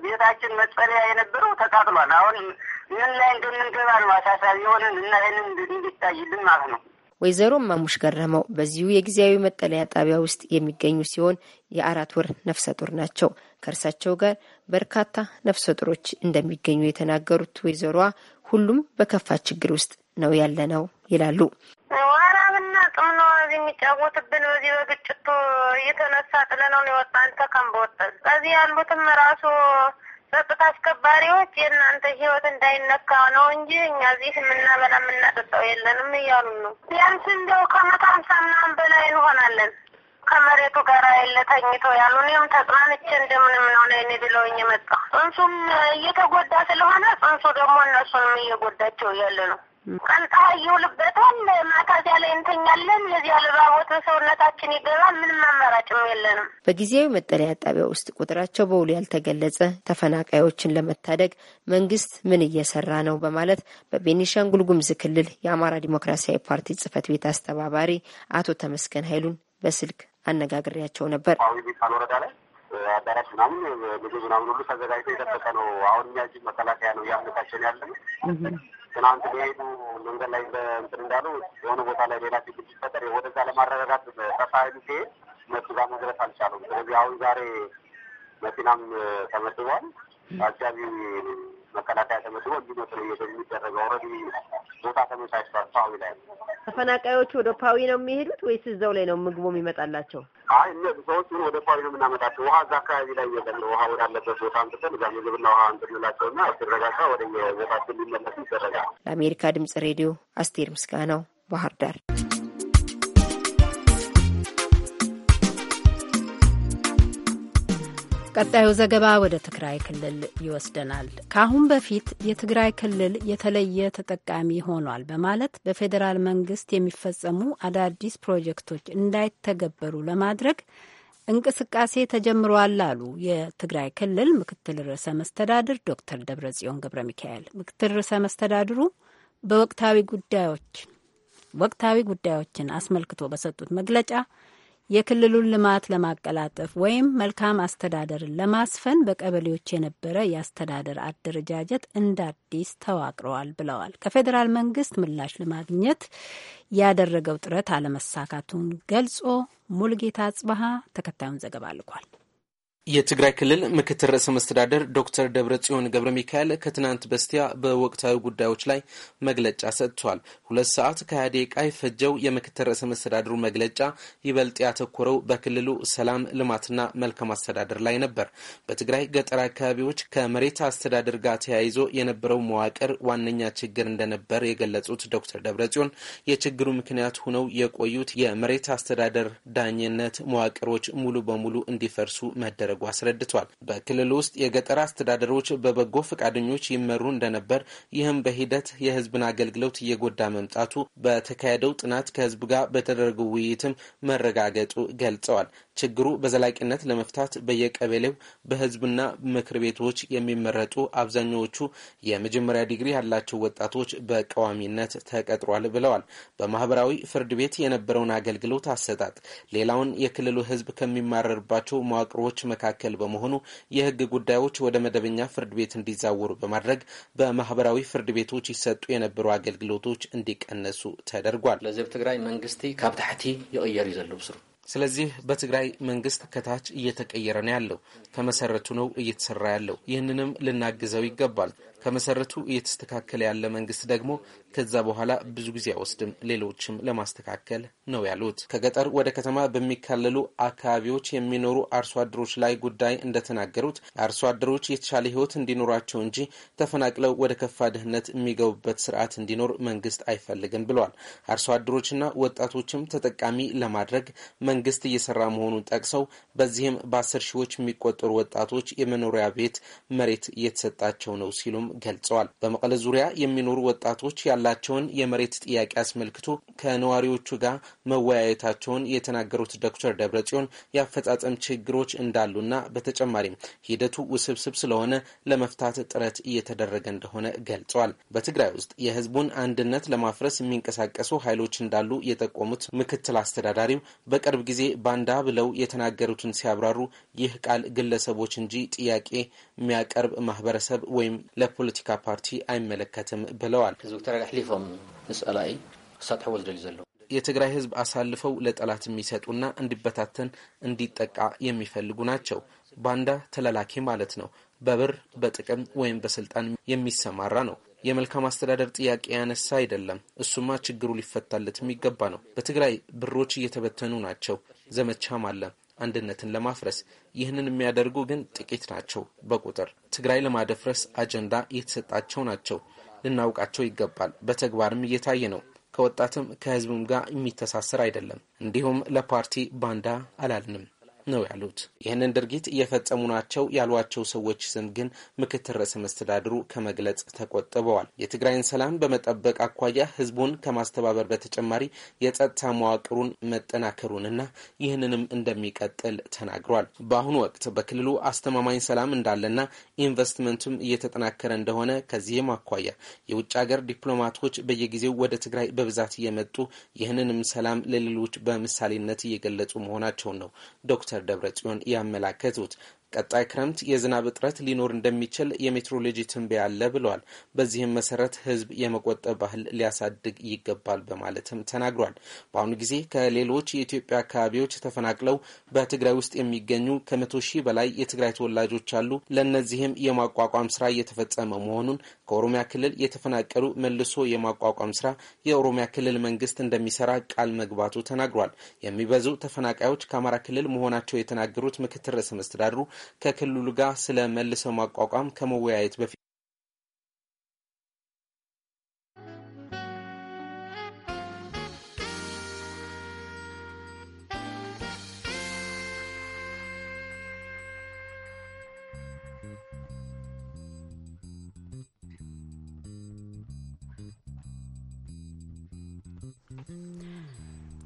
[SPEAKER 4] ቤታችን መጠለያ የነበረው ተቃጥሏል። አሁን ምን ላይ እንደምንገባ ነው አሳሳቢ የሆነን እና ይህንን እንዲታይልን ማለት ነው።
[SPEAKER 15] ወይዘሮ ማሙሽ ገረመው በዚሁ የጊዜያዊ መጠለያ ጣቢያ ውስጥ የሚገኙ ሲሆን የአራት ወር ነፍሰ ጡር ናቸው። ከእርሳቸው ጋር በርካታ ነፍሰ ጡሮች እንደሚገኙ የተናገሩት ወይዘሮዋ ሁሉም በከፋ ችግር ውስጥ ነው ያለ ነው ይላሉ። በግልጽም ነው እዚህ የሚጫወትብን። በዚህ በግጭቱ
[SPEAKER 4] እየተነሳ ጥለነው ነው የወጣ አንተ ከንበወጠን በዚህ ያሉትም ራሱ ጸጥታ አስከባሪዎች የእናንተ ህይወት እንዳይነካ ነው እንጂ እኛ እዚህ የምናበላ የምናጠጣው የለንም እያሉ ነው። ቢያንስ እንደው ከመቶ ሀምሳ ምናምን በላይ እንሆናለን ከመሬቱ ጋር የለ ተኝቶ ያሉ እኔም ተጽናንቼ እንደምንም ነው ነኔ ብለውኝ መጣ። ጽንሱም እየተጎዳ ስለሆነ ጽንሱ ደግሞ እነሱንም እየጎዳቸው እያለ ነው ቀን ፀሐይ ይውልበታል፣ ማታ እዚያ ላይ እንተኛለን። የዚያ አልራቦት ሰውነታችን ይገባል። ምንም አማራጭም የለንም።
[SPEAKER 15] በጊዜያዊ መጠለያ ጣቢያ ውስጥ ቁጥራቸው በውሉ ያልተገለጸ ተፈናቃዮችን ለመታደግ መንግስት ምን እየሰራ ነው በማለት በቤኒሻንጉል ጉሙዝ ክልል የአማራ ዲሞክራሲያዊ ፓርቲ ጽህፈት ቤት አስተባባሪ አቶ ተመስገን ኃይሉን በስልክ አነጋግሬያቸው ነበር።
[SPEAKER 4] አዳራሽ ምናምን ልጆች ምናምን ሁሉ ተዘጋጅቶ የጠበቀ ነው። አሁን እኛ እዚህ መከላከያ ነው እያመታቸን ያለ ነው ትናንት ሊሄዱ መንገድ ላይ በእንትን እንዳሉ የሆነ ቦታ ላይ ሌላ ችግር ሲፈጠር ወደዛ ለማረጋጋት ሰፋ ኃይሉ ሲሄድ እነሱ ጋር መድረስ አልቻሉም። ስለዚህ አሁን ዛሬ መኪናም ተመድቧል። አጃቢ መከላከያ ተመድቦ ጊዜ ነው የሚደረገው። ረ ቦታ ተመቻችቷል። ፓዊ ላይ
[SPEAKER 15] ተፈናቃዮቹ ወደ ፓዊ ነው የሚሄዱት ወይስ እዛው ላይ ነው ምግቡም ይመጣላቸው?
[SPEAKER 4] አይ እነዚህ ሰዎች ምን ወደ ፓዊ ነው የምናመጣቸው። ውሀ እዛ አካባቢ ላይ የለም። ውሀ ወዳለበት ቦታ
[SPEAKER 14] አንጥተን እዛ ምግብና ውሀ ና አስረጋጋ ወደ የቦታችን ሊመለሱ ይደረጋል።
[SPEAKER 15] ለአሜሪካ ድምጽ ሬዲዮ አስቴር ምስጋናው ባህር ዳር
[SPEAKER 2] ቀጣዩ ዘገባ ወደ ትግራይ ክልል ይወስደናል። ከአሁን በፊት የትግራይ ክልል የተለየ ተጠቃሚ ሆኗል በማለት በፌዴራል መንግስት የሚፈጸሙ አዳዲስ ፕሮጀክቶች እንዳይተገበሩ ለማድረግ እንቅስቃሴ ተጀምሯል አሉ የትግራይ ክልል ምክትል ርዕሰ መስተዳድር ዶክተር ደብረጽዮን ገብረ ሚካኤል። ምክትል ርዕሰ መስተዳድሩ በወቅታዊ ጉዳዮች ወቅታዊ ጉዳዮችን አስመልክቶ በሰጡት መግለጫ የክልሉን ልማት ለማቀላጠፍ ወይም መልካም አስተዳደርን ለማስፈን በቀበሌዎች የነበረ የአስተዳደር አደረጃጀት እንደ አዲስ ተዋቅረዋል ብለዋል። ከፌዴራል መንግስት ምላሽ ለማግኘት ያደረገው ጥረት አለመሳካቱን ገልጾ ሙልጌታ ጽበሀ ተከታዩን ዘገባ ልኳል።
[SPEAKER 16] የትግራይ ክልል ምክትል ርዕሰ መስተዳደር ዶክተር ደብረ ጽዮን ገብረ ሚካኤል ከትናንት በስቲያ በወቅታዊ ጉዳዮች ላይ መግለጫ ሰጥቷል። ሁለት ሰዓት ከሃያ ደቂቃ የፈጀው የምክትል ርዕሰ መስተዳድሩ መግለጫ ይበልጥ ያተኮረው በክልሉ ሰላም፣ ልማትና መልካም አስተዳደር ላይ ነበር። በትግራይ ገጠር አካባቢዎች ከመሬት አስተዳደር ጋር ተያይዞ የነበረው መዋቅር ዋነኛ ችግር እንደነበር የገለጹት ዶክተር ደብረ ጽዮን የችግሩ ምክንያት ሆነው የቆዩት የመሬት አስተዳደር ዳኝነት መዋቅሮች ሙሉ በሙሉ እንዲፈርሱ መደረ መደረጉ አስረድቷል። በክልል ውስጥ የገጠር አስተዳደሮች በበጎ ፈቃደኞች ይመሩ እንደነበር፣ ይህም በሂደት የህዝብን አገልግሎት እየጎዳ መምጣቱ በተካሄደው ጥናት ከህዝብ ጋር በተደረገው ውይይትም መረጋገጡ ገልጸዋል። ችግሩ በዘላቂነት ለመፍታት በየቀበሌው በህዝብና ምክር ቤቶች የሚመረጡ አብዛኛዎቹ የመጀመሪያ ዲግሪ ያላቸው ወጣቶች በቀዋሚነት ተቀጥሯል ብለዋል። በማህበራዊ ፍርድ ቤት የነበረውን አገልግሎት አሰጣጥ ሌላውን የክልሉ ህዝብ ከሚማረርባቸው መዋቅሮች መካከል በመሆኑ የህግ ጉዳዮች ወደ መደበኛ ፍርድ ቤት እንዲዛወሩ በማድረግ በማህበራዊ ፍርድ ቤቶች ይሰጡ የነበሩ አገልግሎቶች እንዲቀነሱ ተደርጓል። ለህዝብ ትግራይ መንግስቲ ካብ ታሕቲ ይቅየር እዩ ዘሎ ብስሩ ስለዚህ በትግራይ መንግስት ከታች እየተቀየረ ነው ያለው፣ ከመሰረቱ ነው እየተሰራ ያለው። ይህንንም ልናግዘው ይገባል። ከመሰረቱ እየተስተካከለ ያለ መንግስት ደግሞ ከዛ በኋላ ብዙ ጊዜ አይወስድም፣ ሌሎችም ለማስተካከል ነው ያሉት። ከገጠር ወደ ከተማ በሚካለሉ አካባቢዎች የሚኖሩ አርሶ አደሮች ላይ ጉዳይ እንደተናገሩት አርሶ አደሮች የተሻለ ህይወት እንዲኖራቸው እንጂ ተፈናቅለው ወደ ከፋ ድህነት የሚገቡበት ስርዓት እንዲኖር መንግስት አይፈልግም ብለዋል። አርሶ አደሮችና ወጣቶችም ተጠቃሚ ለማድረግ መንግስት እየሰራ መሆኑን ጠቅሰው በዚህም በአስር ሺዎች የሚቆጠሩ ወጣቶች የመኖሪያ ቤት መሬት እየተሰጣቸው ነው ሲሉም ገልጸዋል። በመቀለ ዙሪያ የሚኖሩ ወጣቶች ያላቸውን የመሬት ጥያቄ አስመልክቶ ከነዋሪዎቹ ጋር መወያየታቸውን የተናገሩት ዶክተር ደብረ ጽዮን የአፈጻጸም ችግሮች እንዳሉና በተጨማሪም ሂደቱ ውስብስብ ስለሆነ ለመፍታት ጥረት እየተደረገ እንደሆነ ገልጸዋል። በትግራይ ውስጥ የህዝቡን አንድነት ለማፍረስ የሚንቀሳቀሱ ኃይሎች እንዳሉ የጠቆሙት ምክትል አስተዳዳሪው በቅርብ ጊዜ ባንዳ ብለው የተናገሩትን ሲያብራሩ ይህ ቃል ግለሰቦች እንጂ ጥያቄ የሚያቀርብ ማህበረሰብ ወይም ለፖ ፖለቲካ ፓርቲ አይመለከትም ብለዋል። የትግራይ ህዝብ አሳልፈው ለጠላት የሚሰጡና እንዲበታተን እንዲጠቃ የሚፈልጉ ናቸው። ባንዳ ተላላኪ ማለት ነው። በብር በጥቅም ወይም በስልጣን የሚሰማራ ነው። የመልካም አስተዳደር ጥያቄ ያነሳ አይደለም። እሱማ ችግሩ ሊፈታለት የሚገባ ነው። በትግራይ ብሮች እየተበተኑ ናቸው። ዘመቻም አለ። አንድነትን ለማፍረስ ይህንን የሚያደርጉ ግን ጥቂት ናቸው በቁጥር ትግራይ ለማደፍረስ አጀንዳ የተሰጣቸው ናቸው። ልናውቃቸው ይገባል። በተግባርም እየታየ ነው። ከወጣትም ከህዝብም ጋር የሚተሳሰር አይደለም። እንዲሁም ለፓርቲ ባንዳ አላልንም። ነው ያሉት። ይህንን ድርጊት እየፈጸሙ ናቸው ያሏቸው ሰዎች ስም ግን ምክትል ርዕሰ መስተዳድሩ ከመግለጽ ተቆጥበዋል። የትግራይን ሰላም በመጠበቅ አኳያ ህዝቡን ከማስተባበር በተጨማሪ የጸጥታ መዋቅሩን መጠናከሩንና ይህንንም እንደሚቀጥል ተናግሯል። በአሁኑ ወቅት በክልሉ አስተማማኝ ሰላም እንዳለና ኢንቨስትመንቱም እየተጠናከረ እንደሆነ ከዚህም አኳያ የውጭ ሀገር ዲፕሎማቶች በየጊዜው ወደ ትግራይ በብዛት እየመጡ ይህንንም ሰላም ለሌሎች በምሳሌነት እየገለጹ መሆናቸውን ነው ዶክተር ዶክተር ደብረጽዮን ያመላከቱት ቀጣይ ክረምት የዝናብ እጥረት ሊኖር እንደሚችል የሜትሮሎጂ ትንበያ አለ ብለዋል። በዚህም መሰረት ህዝብ የመቆጠብ ባህል ሊያሳድግ ይገባል በማለትም ተናግሯል። በአሁኑ ጊዜ ከሌሎች የኢትዮጵያ አካባቢዎች ተፈናቅለው በትግራይ ውስጥ የሚገኙ ከመቶ ሺህ በላይ የትግራይ ተወላጆች አሉ። ለእነዚህም የማቋቋም ስራ እየተፈጸመ መሆኑን ከኦሮሚያ ክልል የተፈናቀሉ መልሶ የማቋቋም ስራ የኦሮሚያ ክልል መንግስት እንደሚሰራ ቃል መግባቱ ተናግሯል። የሚበዙ ተፈናቃዮች ከአማራ ክልል መሆናቸው የተናገሩት ምክትል ርዕሰ መስተዳድሩ ከክልሉ ጋር ስለ መልሰው ማቋቋም ከመወያየት በፊት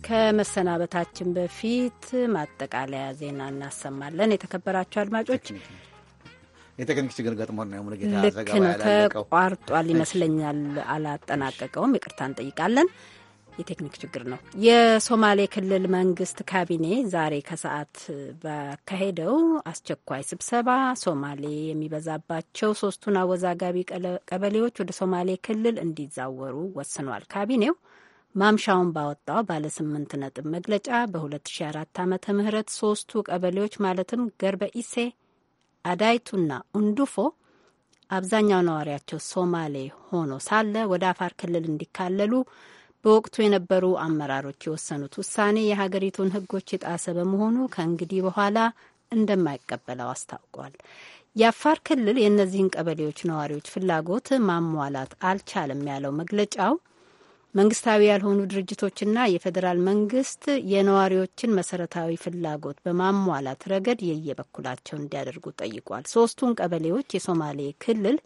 [SPEAKER 2] ከመሰናበታችን በፊት ማጠቃለያ ዜና እናሰማለን። የተከበራችሁ አድማጮች የቴክኒክ ችግር ገጥሞ ነው። ልክ ነው፣ ተቋርጧል ይመስለኛል። አላጠናቀቀውም፣ ይቅርታ እንጠይቃለን። የቴክኒክ ችግር ነው። የሶማሌ ክልል መንግስት ካቢኔ ዛሬ ከሰዓት ባካሄደው አስቸኳይ ስብሰባ ሶማሌ የሚበዛባቸው ሶስቱን አወዛጋቢ ቀበሌዎች ወደ ሶማሌ ክልል እንዲዛወሩ ወስኗል ካቢኔው ማምሻውን ባወጣው ባለ ስምንት ነጥብ መግለጫ በ2004 ዓመተ ምህረት ሶስቱ ቀበሌዎች ማለትም ገርበ ኢሴ አዳይቱና ኡንዱፎ አብዛኛው ነዋሪያቸው ሶማሌ ሆኖ ሳለ ወደ አፋር ክልል እንዲካለሉ በወቅቱ የነበሩ አመራሮች የወሰኑት ውሳኔ የሀገሪቱን ሕጎች የጣሰ በመሆኑ ከእንግዲህ በኋላ እንደማይቀበለው አስታውቋል። የአፋር ክልል የእነዚህን ቀበሌዎች ነዋሪዎች ፍላጎት ማሟላት አልቻለም ያለው መግለጫው መንግስታዊ ያልሆኑ ድርጅቶችና የፌዴራል መንግስት የነዋሪዎችን መሰረታዊ ፍላጎት በማሟላት ረገድ የየበኩላቸው እንዲያደርጉ ጠይቋል። ሶስቱን ቀበሌዎች የሶማሌ ክልል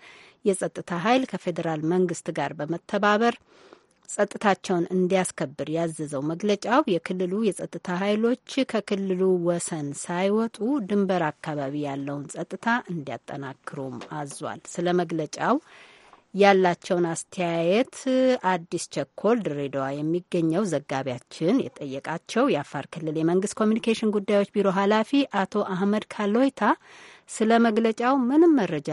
[SPEAKER 2] የጸጥታ ኃይል ከፌዴራል መንግስት ጋር በመተባበር ጸጥታቸውን እንዲያስከብር ያዘዘው መግለጫው የክልሉ የጸጥታ ኃይሎች ከክልሉ ወሰን ሳይወጡ ድንበር አካባቢ ያለውን ጸጥታ እንዲያጠናክሩም አዟል። ስለ መግለጫው ያላቸውን አስተያየት አዲስ ቸኮል ድሬዳዋ የሚገኘው ዘጋቢያችን የጠየቃቸው የአፋር ክልል የመንግስት ኮሚኒኬሽን ጉዳዮች ቢሮ ኃላፊ አቶ አህመድ ካሎይታ ስለ መግለጫው ምንም መረጃ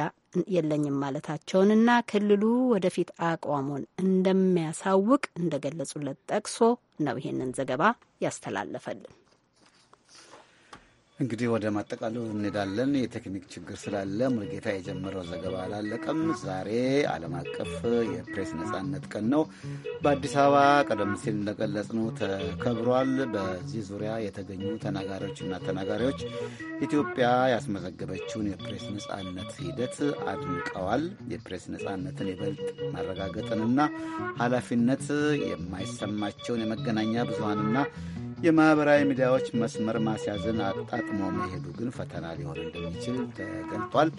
[SPEAKER 2] የለኝም ማለታቸውንና ክልሉ ወደፊት አቋሙን እንደሚያሳውቅ እንደገለጹለት ጠቅሶ ነው ይህንን ዘገባ ያስተላለፈልን።
[SPEAKER 1] እንግዲህ ወደ ማጠቃለሉ እንሄዳለን። የቴክኒክ ችግር ስላለ ሙልጌታ የጀመረው ዘገባ አላለቀም። ዛሬ ዓለም አቀፍ የፕሬስ ነጻነት ቀን ነው። በአዲስ አበባ ቀደም ሲል ነው ተከብሯል። በዚህ ዙሪያ የተገኙ ተናጋሪዎችና ተናጋሪዎች ኢትዮጵያ ያስመዘገበችውን የፕሬስ ነጻነት ሂደት አድንቀዋል። የፕሬስ ነጻነትን ይበልጥ ማረጋገጥንና ኃላፊነት የማይሰማቸውን የመገናኛ ብዙሀንና የማኅበራዊ ሚዲያዎች መስመር ማስያዝን አጣጥሞ መሄዱ ግን ፈተና ሊሆን እንደሚችል ተገልጧል።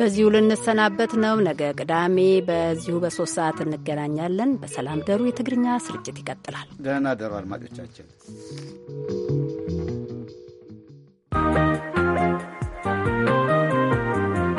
[SPEAKER 2] በዚሁ ልንሰናበት ነው። ነገ ቅዳሜ በዚሁ በሶስት ሰዓት እንገናኛለን። በሰላም ደሩ። የትግርኛ ስርጭት ይቀጥላል።
[SPEAKER 1] ደህና ደሩ አድማጮቻችን።